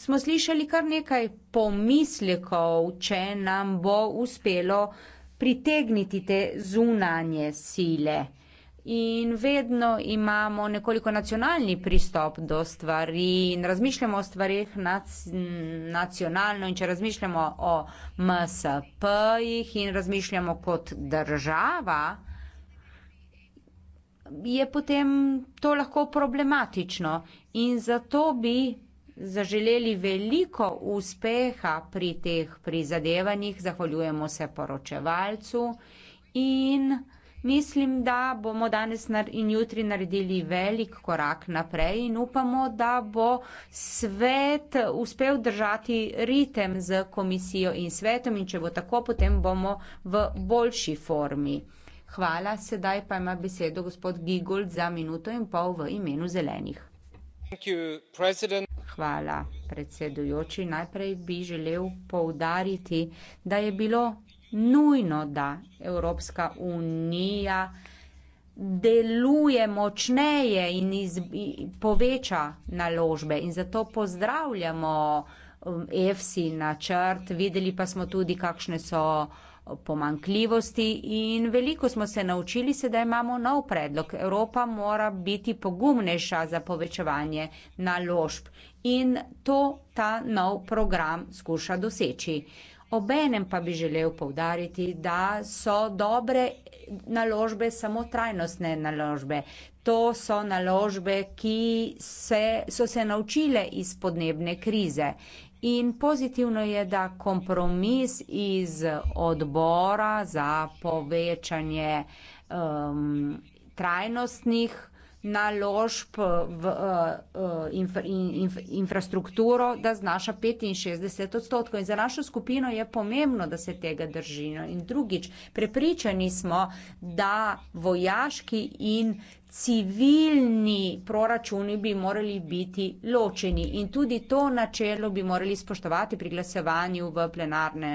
[SPEAKER 3] smo slišali kar nekaj pomislekov, če nam bo uspelo pritegniti te zunanje sile in vedno imamo nekoliko nacionalni pristop do stvari in razmišljamo o stvarih nac, nacionalno in če razmišljamo o MSP-jih in razmišljamo kot država, je potem to lahko problematično in zato bi zaželeli veliko uspeha pri teh prizadevanjih, zahvaljujemo se poročevalcu in Mislim, da bomo danes in jutri naredili velik korak naprej in upamo, da bo svet uspel držati ritem z komisijo in svetom in če bo tako, potem bomo v boljši formi. Hvala, sedaj pa ima besedo gospod Gigold za minuto in pol v imenu zelenih. Hvala, predsedujoči. Najprej bi želel poudariti, da je bilo nujno, da Evropska unija deluje močneje in poveča naložbe in zato pozdravljamo um, EFSI načrt, videli pa smo tudi, kakšne so pomankljivosti in veliko smo se naučili, sedaj imamo nov predlog. Evropa mora biti pogumnejša za povečevanje naložb in to ta nov program skuša doseči. Obenem pa bi želel povdariti, da so dobre naložbe samo trajnostne naložbe. To so naložbe, ki se, so se naučile iz podnebne krize. In pozitivno je, da kompromis iz odbora za povečanje um, trajnostnih naložb v eh, eh, infrastrukturo, da znaša 65 odstotkov. In za našo skupino je pomembno, da se tega držijo. No, in drugič, prepričani smo, da vojaški in civilni proračuni bi morali biti ločeni in tudi to načelo bi morali spoštovati pri glasovanju v plenarne,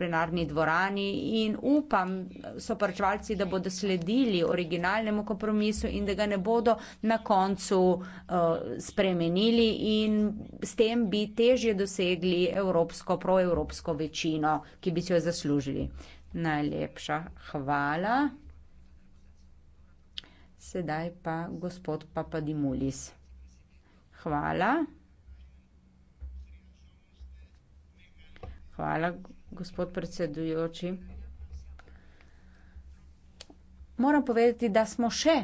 [SPEAKER 3] plenarni dvorani in upam so poročevalci, da bodo sledili originalnemu kompromisu in da ga ne bodo na koncu uh, spremenili in s tem bi težje dosegli evropsko, proevropsko večino, ki bi si jo zaslužili. Najlepša hvala sedaj pa gospod Papadimulis. Hvala. Hvala, gospod predsedujoči. Moram povedati, da smo še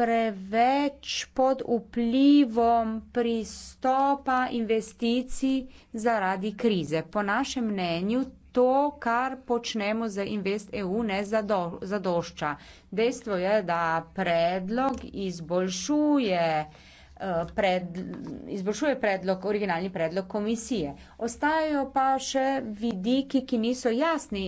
[SPEAKER 3] preveč pod vplivom pristopa investicij zaradi krize. Po našem mnenju to, kar počnemo za Invest EU, ne zado, zadošča. Dejstvo je, da predlog izboljšuje, eh, pred, izboljšuje predlog, originalni predlog komisije. Ostajajo pa še vidiki, ki niso jasni.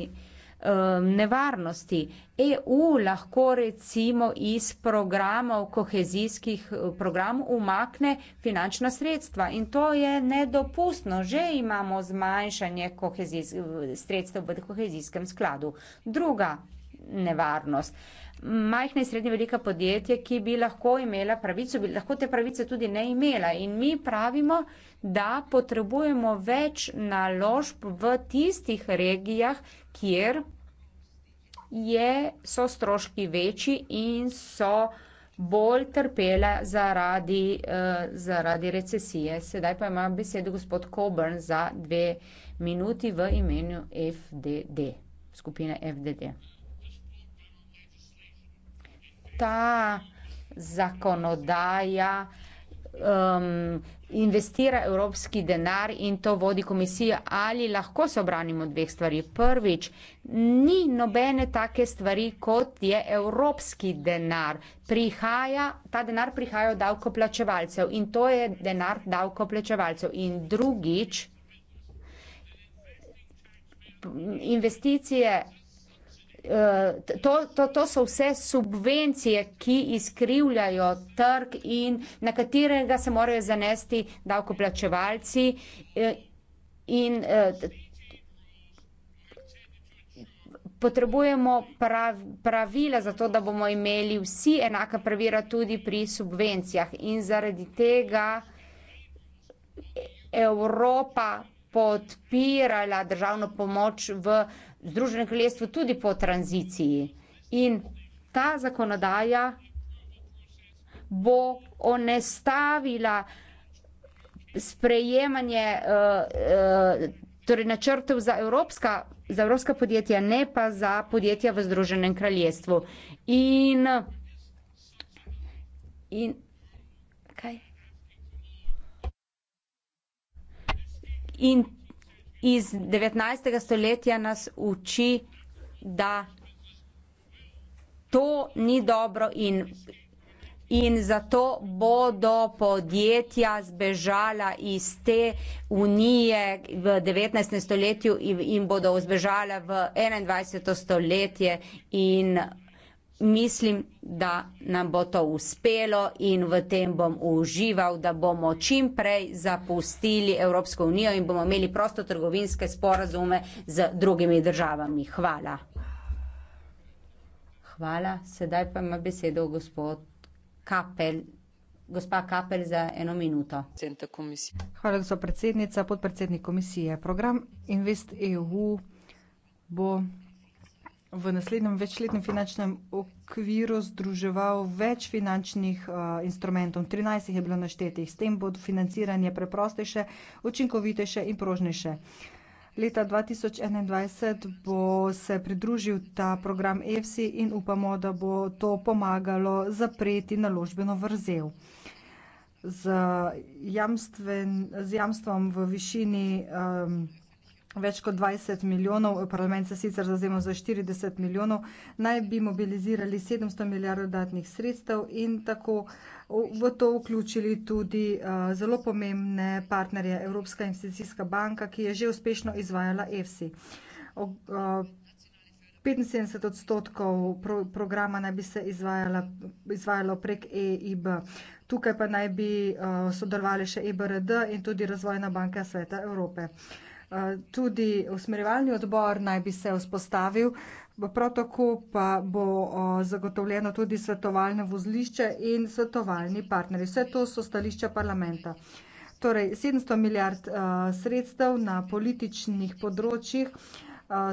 [SPEAKER 3] Um, nevarnosti. EU lahko recimo iz programov, kohezijskih uh, programov umakne finančna sredstva in to je nedopustno. Že imamo zmanjšanje kohezij, uh, sredstev v kohezijskem skladu. Druga nevarnost majhna in srednje velika podjetja, ki bi lahko imela pravico, bi lahko te pravice tudi ne imela. In mi pravimo, da potrebujemo več naložb v tistih regijah, kjer je, so stroški večji in so bolj trpela zaradi, eh, zaradi recesije. Sedaj pa ima besedo gospod Coburn za dve minuti v imenu FDD, skupine FDD ta zakonodaja um, investira evropski denar in to vodi komisija, ali lahko se obranimo dveh stvari. Prvič, ni nobene take stvari, kot je evropski denar. Prihaja, ta denar prihaja od davkoplačevalcev in to je denar davkoplačevalcev. In drugič, investicije Eh, to, to, to so vse subvencije, ki izkrivljajo trg in na katerega se morajo zanesti davkoplačevalci. Eh, in, eh, potrebujemo prav, pravila za to, da bomo imeli vsi enaka pravila tudi pri subvencijah. In zaradi tega Evropa podpirala državno pomoč v Združenem kraljestvu tudi po tranziciji. In ta zakonodaja bo onestavila sprejemanje eh, eh, torej načrtov za evropska, za evropska podjetja, ne pa za podjetja v Združenem kraljestvu. In in kaj? Okay. In iz 19. stoletja nas uči, da to ni dobro in, in zato bodo podjetja zbežala iz te unije v 19. stoletju in, in bodo zbežala v 21. stoletje in mislim, da nam bo to uspelo in v tem bom užival, da bomo čim prej zapustili Evropsko unijo in bomo imeli prosto trgovinske sporazume z drugimi državami. Hvala. Hvala. Sedaj pa ima besedo gospod Kapel.
[SPEAKER 2] Gospa Kapel za eno minuto. Hvala, gospod predsednica, podpredsednik komisije. Program Invest EU bo v naslednjem večletnem finančnem okviru združeval več finančnih uh, instrumentov. 13 jih je bilo naštetih. S tem bo financiranje preprostejše, učinkovitejše in prožnejše. Leta 2021 bo se pridružil ta program EFSI in upamo, da bo to pomagalo zapreti naložbeno vrzel. Z, jamstven, z jamstvom v višini um, več kot 20 milijonov, parlament se sicer zazema za 40 milijonov, naj bi mobilizirali 700 milijard dodatnih sredstev in tako v to vključili tudi eh, zelo pomembne partnerje Evropska investicijska banka, ki je že uspešno izvajala EFSI. 75 eh, odstotkov programa naj bi se izvajalo prek EIB. Tukaj pa naj bi eh, sodelovali še EBRD in tudi Razvojna banka Sveta Evrope. Eh, tudi usmerjevalni odbor naj bi se vzpostavil, prav tako pa bo eh, zagotovljeno tudi svetovalno vozlišče in svetovalni partneri. Vse to so stališča parlamenta. Torej, 700 milijard eh, sredstev na političnih področjih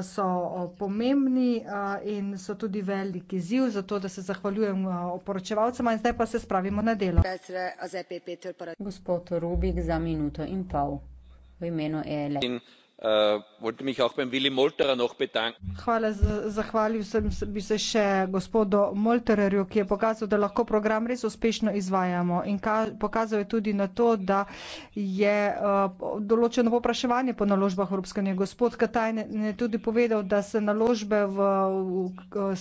[SPEAKER 2] so pomembni in so tudi veliki ziv, zato da se zahvaljujem oporočevalcem in zdaj pa se spravimo na delo.
[SPEAKER 3] E Gospod Rubik za minuto in pol v imenu elj. E.
[SPEAKER 1] Äh, wollte mich auch beim willi molterer noch bedanken
[SPEAKER 2] zahvalil sem bi se še gospodu moltererju ki je pokazal da lahko program res uspešno izvajamo in pokazal je tudi na to da je äh, določeno povpraševanje po naložbah evropske unije gospod katainen je tudi povedal da se naložbe v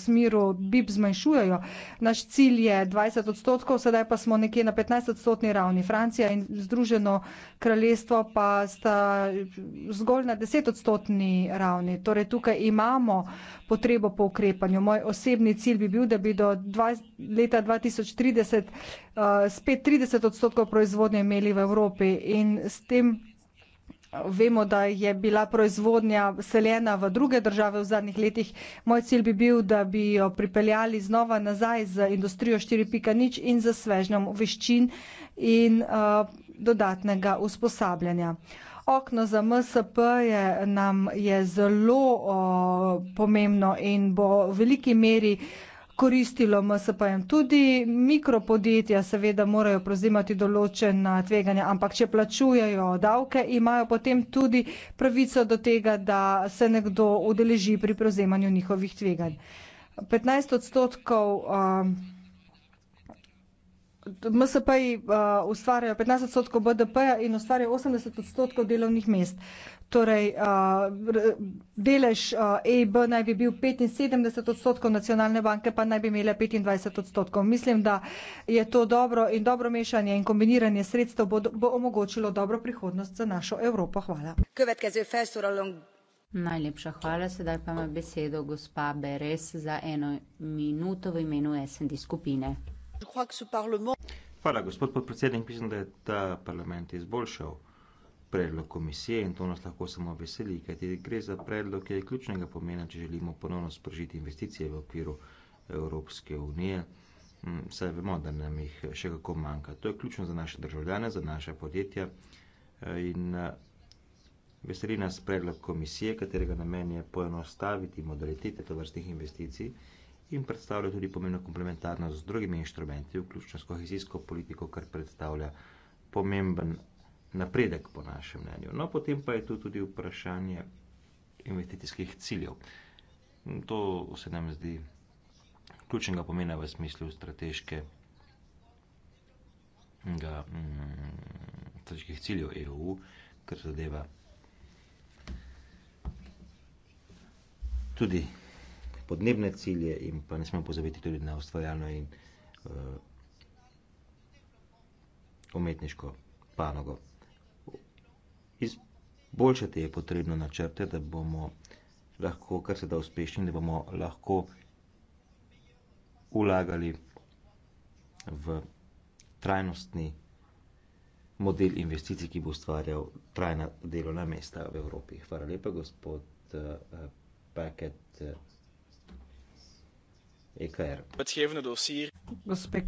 [SPEAKER 2] smeri bip zmanjšujejo naš cilj je dvajset odstotkov sedaj pa smo nekje na petnajst odstotni ravni francija in združeno kraljestvo pa sta zgolj na desetodstotni ravni. Torej tukaj imamo potrebo po ukrepanju. Moj osebni cilj bi bil, da bi do 20, leta 2030 uh, eh, spet 30 odstotkov proizvodnje imeli v Evropi in s tem. Eh, vemo, da je bila proizvodnja seljena v druge države v zadnjih letih. Moj cilj bi bil, da bi jo pripeljali znova nazaj z industrijo 4.0 in z svežnjom veščin in uh, dodatnega usposabljanja. Uh, okno za MSP je, nam je zelo o, pomembno in bo v veliki meri koristilo MSP-jem. Tudi mikropodjetja seveda morajo prozimati določena tveganja, ampak če plačujejo davke, imajo potem tudi pravico do tega, da se nekdo udeleži pri prozimanju njihovih tveganj. 15 odstotkov. O, MSP-ji uh, ustvarjajo 15 odstotkov BDP-ja in ustvarjajo 80 odstotkov delovnih mest. Torej, uh, delež EIB uh, e naj bi bil 75 odstotkov, nacionalne banke pa naj bi imele 25 odstotkov. Mislim, da je to dobro in dobro mešanje in kombiniranje sredstev bo, bo omogočilo dobro prihodnost za našo Evropo. Hvala. Najlepša hvala. Sedaj pa ima
[SPEAKER 3] besedo gospa Beres za eno minuto v imenu SND skupine.
[SPEAKER 1] Hvala, gospod podpredsednik. Mislim, da je ta parlament izboljšal predlog komisije in to nas lahko samo veseli, kajti gre za predlog, ki je ključnega pomena, če želimo ponovno sprožiti investicije v okviru Evropske unije. Mm, saj vemo, da nam jih še kako manjka. To je ključno za naše državljane, za naše podjetja eh, in eh, veseli nas predlog komisije, katerega namen je poenostaviti modalitete tovrstnih investicij in predstavlja tudi pomembno komplementarnost z drugimi inštrumenti, vključno s kohezijsko politiko, kar predstavlja pomemben napredek, po našem mnenju. No, potem pa je tu tudi vprašanje investicijskih ciljev. To se nam zdi ključnega pomena v smislu strateške ga, mm, strateških ciljev EU, kar zadeva tudi podnebne cilje in pa ne smemo pozabiti tudi na ustvarjalno in uh, umetniško panogo. Izboljšati je potrebno načrte, da bomo lahko kar se da uspešni, da bomo lahko ulagali v trajnostni model investicij, ki bo ustvarjal trajna delovna mesta v Evropi. Hvala lepa, gospod uh, Paket. Uh, EKR.
[SPEAKER 2] Gospe eh,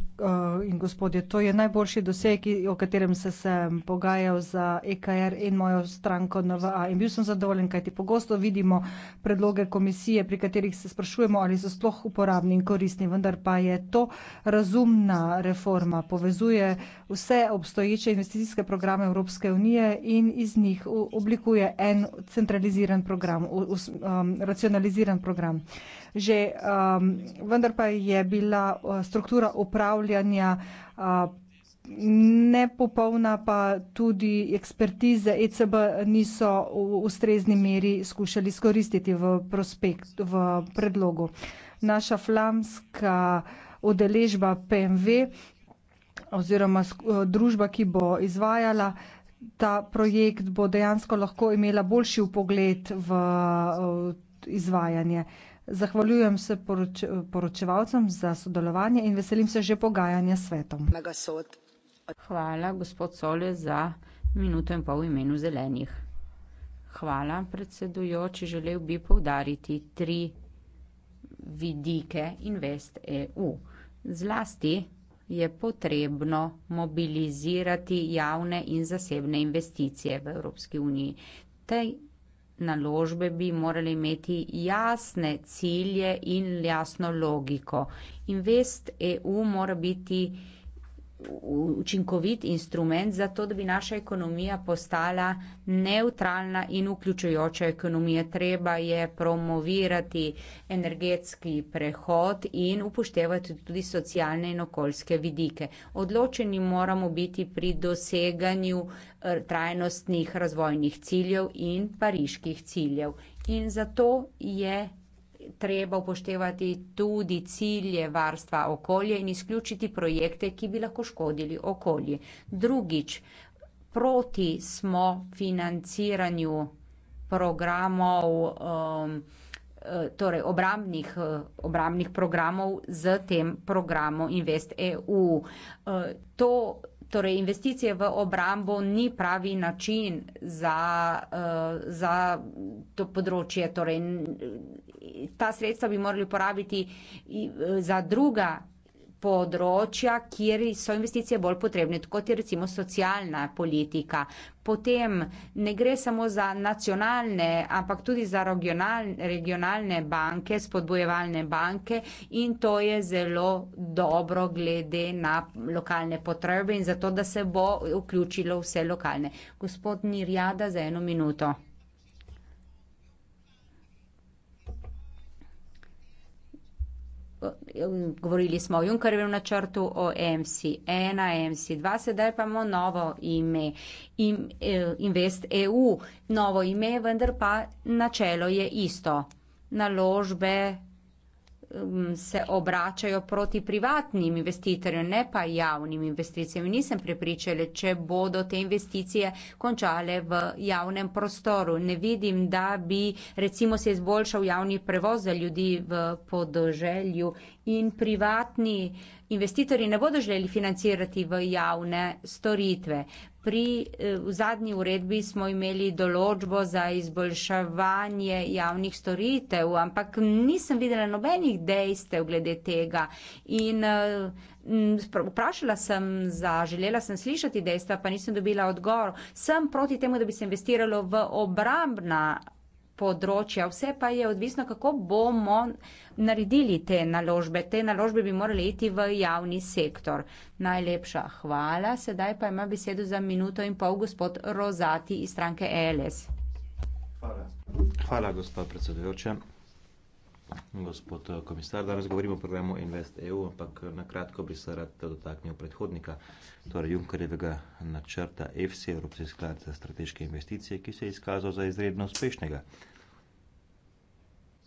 [SPEAKER 2] in gospodje, to je najboljši doseg, o katerem sem se pogajal za EKR in mojo stranko NVA. In bil sem zadovoljen, kajti pogosto vidimo predloge komisije, pri katerih se sprašujemo, ali so sploh uporabni in koristni, vendar pa je to razumna reforma. Povezuje vse obstoječe investicijske programe Evropske unije in iz njih oblikuje en centraliziran program, um, racionaliziran program že, um, vendar pa je bila uh, struktura upravljanja uh, nepopolna, pa tudi ekspertize ECB niso v ustrezni meri skušali skoristiti v, prospekt, v predlogu. Naša flamska udeležba PMV oziroma uh, družba, ki bo izvajala ta projekt, bo dejansko lahko imela boljši upogled v, v izvajanje. Uh, Zahvaljujem se poroč poročevalcem za sodelovanje in veselim se že pogajanja s svetom. Hvala, gospod Sole, za minuto in pol v imenu zelenih.
[SPEAKER 3] Hvala, predsedujoči. Želel bi povdariti tri vidike Invest EU. Zlasti je potrebno mobilizirati javne in zasebne investicije v Evropski uniji. Tej naložbe bi morale imeti jasne cilje in jasno logiko invest eu mora biti učinkovit instrument za to, da bi naša ekonomija postala neutralna in vključujoča ekonomija. Treba je promovirati energetski prehod in upoštevati tudi socialne in okoljske vidike. Odločeni moramo biti pri doseganju eh, trajnostnih razvojnih ciljev in pariških ciljev. In zato je treba upoštevati tudi cilje varstva okolja in izključiti projekte, ki bi lahko škodili okolje. Drugič, proti smo financiranju programov, um, eh, torej obrambnih, eh, obrambnih programov z tem programom InvestEU. Eh, to, torej investicije v obrambo ni pravi način za, za to področje, torej ta sredstva bi morali uporabiti e, za druga področja, kjer so investicije bolj potrebne, kot je recimo socialna politika. Potem ne gre samo za nacionalne, ampak tudi za regionalne banke, spodbojevalne banke in to je zelo dobro glede na lokalne potrebe in zato, da se bo vključilo vse lokalne. Gospod Nirjada za eno minuto. Govorili smo o Junkarjevem načrtu, o MC1, e MC2, e sedaj pa imamo novo ime, im, e, Invest EU. Novo ime, vendar pa načelo je isto. Naložbe, um, se obračajo proti privatnim investitorjem, ne pa javnim investicijam. Nisem prepričala, če bodo te investicije končale v javnem prostoru. Ne vidim, da bi recimo se izboljšal javni prevoz za ljudi v podoželju in privatni investitorji ne bodo želeli financirati v javne storitve. Pri eh, v zadnji uredbi smo imeli določbo za izboljševanje javnih storitev, ampak nisem videla nobenih dejstev glede tega. In eh, vprašala sem za, želela sem slišati dejstva, pa nisem dobila odgovor. Sem proti temu, da bi se investiralo v obrambna področja. Vse pa je odvisno, kako bomo naredili te naložbe. Te naložbe bi morali iti v javni sektor. Najlepša hvala. Sedaj pa ima besedo za minuto in pol gospod Rozati iz stranke ELS.
[SPEAKER 1] Hvala. Hvala, gospod predsedujoče. Eh, gospod komisar, danes govorimo o programu InvestEU, ampak eh, na kratko bi se rad dotaknil predhodnika, torej Junkarjevega načrta EFSI, Evropski sklad za strateške investicije, ki se je izkazal za izredno uspešnega.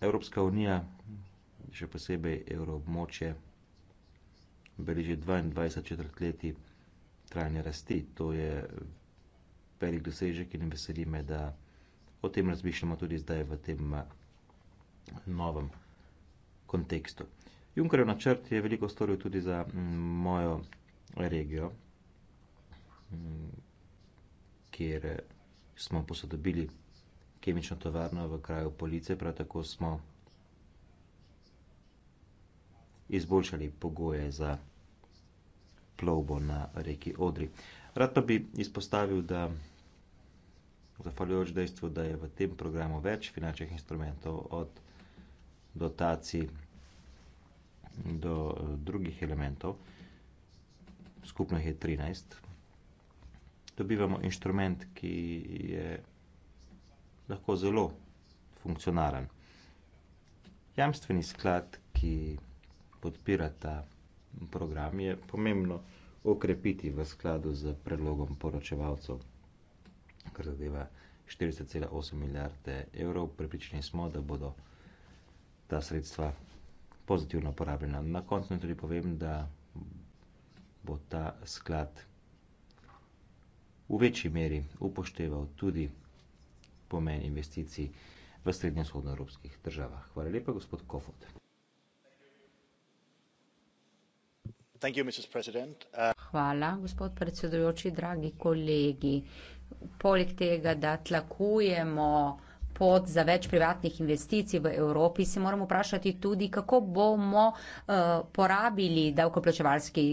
[SPEAKER 1] Evropska unija, še posebej evroobmočje, beleži 22 četrtletji trajne rasti. To je velik dosežek in veseli me, da o tem razmišljamo tudi zdaj v tem novem kontekstu. Junkerjev načrt je veliko storil tudi za mojo regijo, kjer smo posodobili kemično tovarno v kraju Police, prav tako smo izboljšali pogoje za plovbo na reki Odri. Rad pa bi izpostavil, da zahvaljujoč dejstvu, da je v tem programu več finančnih instrumentov od dotacij do eh, drugih elementov, skupno jih je 13, dobivamo inštrument, ki je lahko zelo funkcionaren. Jamstveni sklad, ki podpira ta program, je pomembno okrepiti v skladu z predlogom poročevalcev, kar zadeva 40,8 milijarde evrov. Pripričani smo, da bodo ta sredstva pozitivno porabljena. Na koncu tudi povem, da bo ta sklad v večji meri upošteval tudi pomen investicij v srednjevzhodnoevropskih državah. Hvala lepa, gospod Kofod. Uh,
[SPEAKER 3] Hvala, gospod predsedujoči, dragi kolegi. Poleg tega, da tlakujemo pot za več privatnih investicij v Evropi, se moramo vprašati tudi, kako bomo uh, porabili davkoplačevalski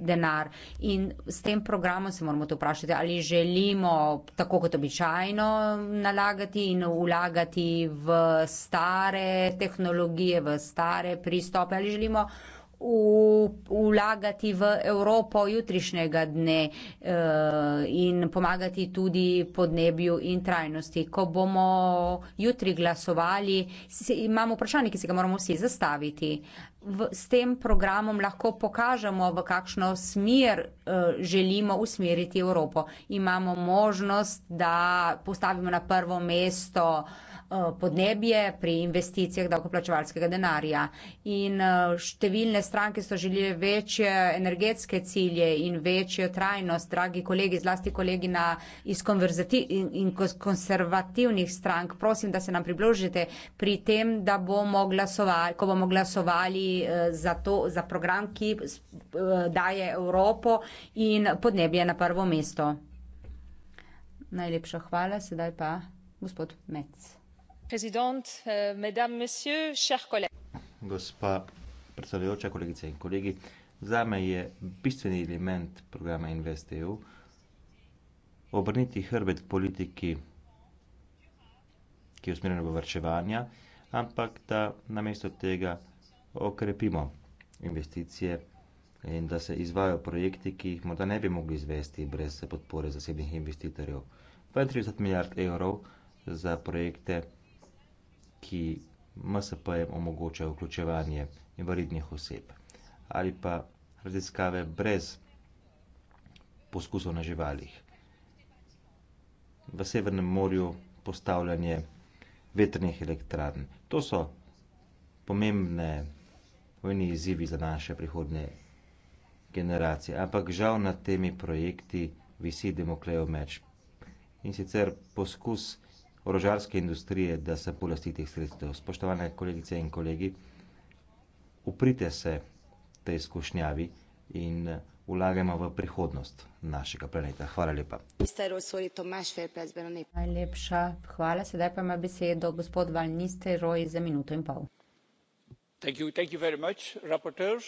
[SPEAKER 3] denar. In s tem programom se moramo tudi vprašati, ali želimo tako kot običajno nalagati in vlagati v stare tehnologije, v stare pristope, ali želimo ulagati v Evropo jutrišnjega dne eh, in pomagati tudi podnebju in trajnosti. Ko bomo jutri glasovali, imamo vprašanje, ki se ga moramo vsi zastaviti. V, s tem programom lahko pokažemo, v kakšno smer uh, želimo usmeriti Evropo. Imamo možnost, da postavimo na prvo mesto uh, podnebje pri investicijah davkoplačevalskega denarja in uh, številne stranke so želeli večje energetske cilje in večjo trajnost, dragi kolegi, zlasti kolegi na, iz in, in konservativnih strank. Prosim, da se nam približite pri tem, da bomo glasovali, ko bomo glasovali eh, za, to, za program, ki eh, daje Evropo in podnebje na prvo mesto. Najlepša hvala, sedaj pa gospod Mec.
[SPEAKER 2] Predsednik, eh, mesdames, messieurs, chers collègues.
[SPEAKER 1] Gospa predsedujoča, kolegice in kolegi. Za me je bistveni element programa InvestEU obrniti hrbet politiki, ki je usmerjena v vrčevanje, ampak da namesto tega okrepimo investicije in da se izvajo projekti, ki jih morda ne bi mogli izvesti brez podpore zasebnih investitorjev. 32 milijard evrov za projekte, ki MSP-jem omogočajo vključevanje invalidnih oseb ali pa raziskave brez poskusov na živalih. V Severnem morju postavljanje vetrnih elektrarn. To so pomembne vojni izzivi za naše prihodne generacije. Ampak žal nad temi projekti visi demoklejo meč. In sicer poskus orožarske industrije, da se polasti teh sredstev. Spoštovane kolegice in kolegi, uprite se tej skušnjavi in ulagajmo v prihodnost
[SPEAKER 3] našega planeta. Hvala lepa. Najlepša hvala. Sedaj pa ima besedo gospod Valniste Roj za minuto in pol.
[SPEAKER 2] Thank you, thank you very
[SPEAKER 3] much,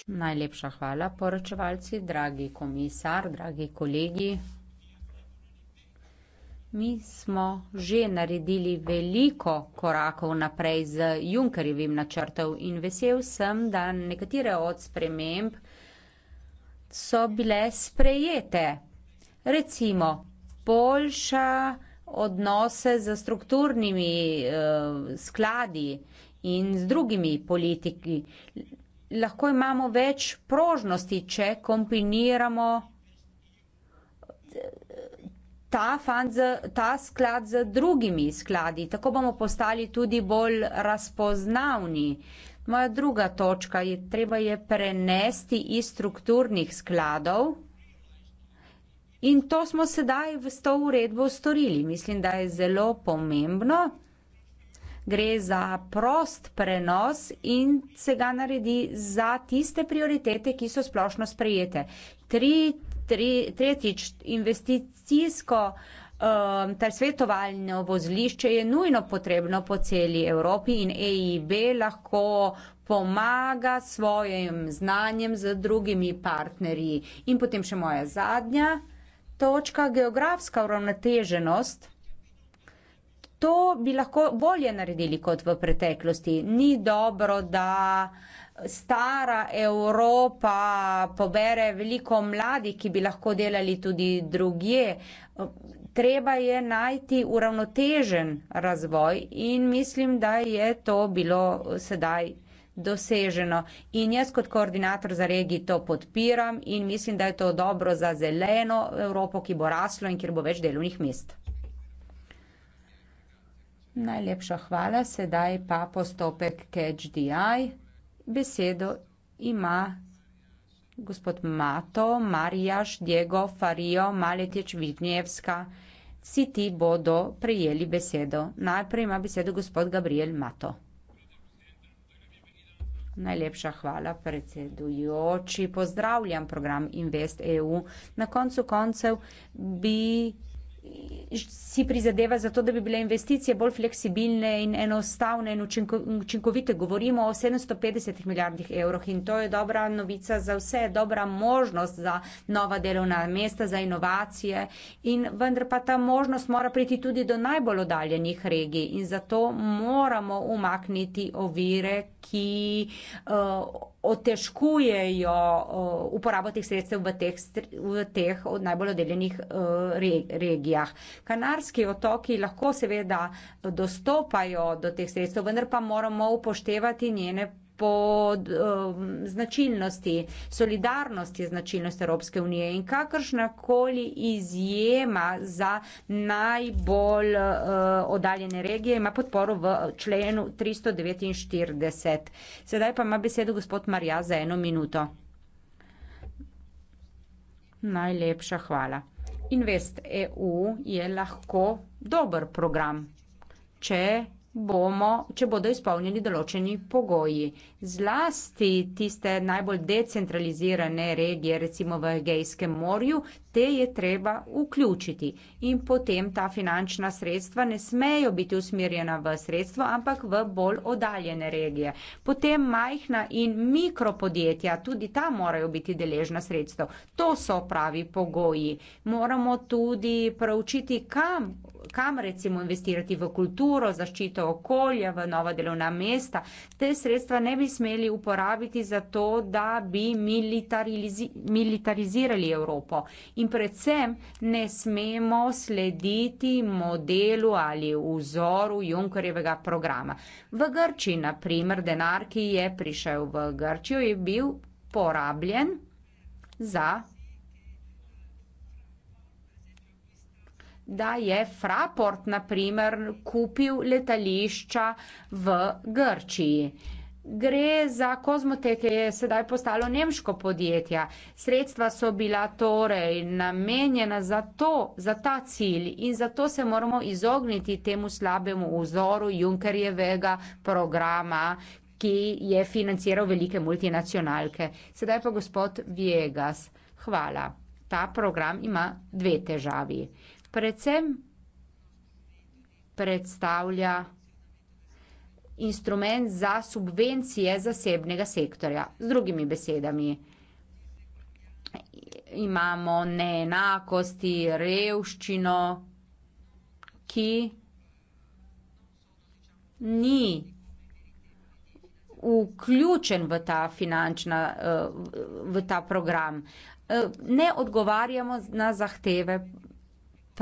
[SPEAKER 3] Najlepša hvala, poročevalci, dragi komisar, dragi kolegi, mi smo že naredili veliko korakov naprej z Junkerjevim načrtom in vesel sem, da nekatere od sprememb so bile sprejete. Recimo, boljša odnose z strukturnimi eh, skladi in z drugimi politiki. Lahko imamo več prožnosti, če kombiniramo ta, fan z, ta sklad z drugimi skladi, tako bomo postali tudi bolj razpoznavni. Moja druga točka je, treba je prenesti iz strukturnih skladov in to smo sedaj v to uredbo storili. Mislim, da je zelo pomembno. Gre za prost prenos in se ga naredi za tiste prioritete, ki so splošno sprejete. Tri tre, tretjič, investicijsko um, ter svetovalno vozlišče je nujno potrebno po celi Evropi in EIB lahko pomaga svojim znanjem z drugimi partnerji. In potem še moja zadnja točka, geografska uravnoteženost. To bi lahko bolje naredili kot v preteklosti. Ni dobro, da uh, stara Evropa pobere veliko mladih, ki bi lahko delali tudi drugje. Treba je najti uravnotežen razvoj in mislim, da je to bilo sedaj doseženo. In jaz kot koordinator za regij to podpiram in mislim, da je to dobro za zeleno Evropo, ki bo raslo in kjer bo več delovnih mest. Najlepša hvala, sedaj pa postopek CatchDI besedo ima gospod Mato, Marijaš, Diego, Farijo, Maletič, Vidnjevska. Vsi ti bodo prejeli besedo. Najprej ima besedo gospod Gabriel Mato. Najlepša hvala, predsedujoči. Pozdravljam program Invest EU. Na koncu koncev bi si prizadeva za to, da bi bile investicije bolj fleksibilne in enostavne in učinkovite. Govorimo o 750 milijardih evrov in to je dobra novica za vse, dobra možnost za nova delovna mesta, za inovacije in vendar pa ta možnost mora priti tudi do najbolj odaljenih regij in zato moramo umakniti ovire, ki uh, otežkujejo uh, uporabo teh sredstev v teh, v teh najbolj oddeljenih uh, eh, regijah. Kanarski otoki lahko seveda dostopajo do teh sredstev, vendar pa moramo upoštevati njene po um, značilnosti, solidarnost je značilnost Evropske unije in kakršnakoli izjema za najbolj uh, oddaljene regije ima podporo v členu 349. Sedaj pa ima besedo gospod Marja za eno minuto. Najlepša hvala. Invest EU je lahko dober program, če bomo, če bodo izpolnjeni določeni pogoji. Zlasti tiste najbolj decentralizirane regije, recimo v Egejskem morju, te je treba vključiti in potem ta finančna sredstva ne smejo biti usmerjena v sredstvo, ampak v bolj oddaljene regije. Potem majhna in mikropodjetja, tudi ta morajo biti deležna sredstev. To so pravi pogoji. Moramo tudi preučiti, kam, kam recimo investirati v kulturo, zaščito okolja, v nova delovna mesta. Te sredstva ne bi smeli uporabiti za to, da bi militarizirali Evropo in predvsem ne smemo slediti modelu ali vzoru Junkerjevega programa. V Grčiji, na primer, denar, ki je prišel v Grčijo, je bil porabljen za. da je Fraport, na primer, kupil letališča v Grčiji. Uh, gre za kozmote, ki je sedaj postalo nemško podjetje. Sredstva so bila torej namenjena za to, za ta cilj in zato se moramo izogniti temu slabemu vzoru Junkerjevega programa, ki je financiral velike multinacionalke. Sedaj pa gospod Viegas, hvala. Ta program ima dve težavi. Predvsem predstavlja instrument za subvencije zasebnega sektorja. Z drugimi besedami, imamo neenakosti, revščino, ki ni vključen v ta finančna, eh, v ta program. Eh, ne odgovarjamo na zahteve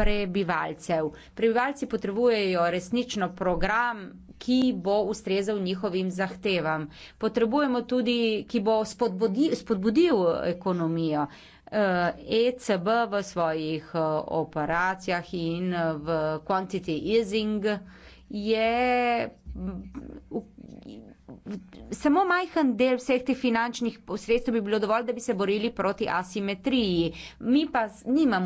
[SPEAKER 3] prebivalcev. Prebivalci potrebujejo resnično program, ki bo ustrezal njihovim zahtevam. Potrebujemo tudi, ki bo spodbudil, spodbudil ekonomijo. ECB eh, e v svojih eh, operacijah in eh, v quantity easing je samo majhen del vseh teh finančnih sredstev bi bilo dovolj, da bi se borili proti asimetriji. Mi pa nimamo.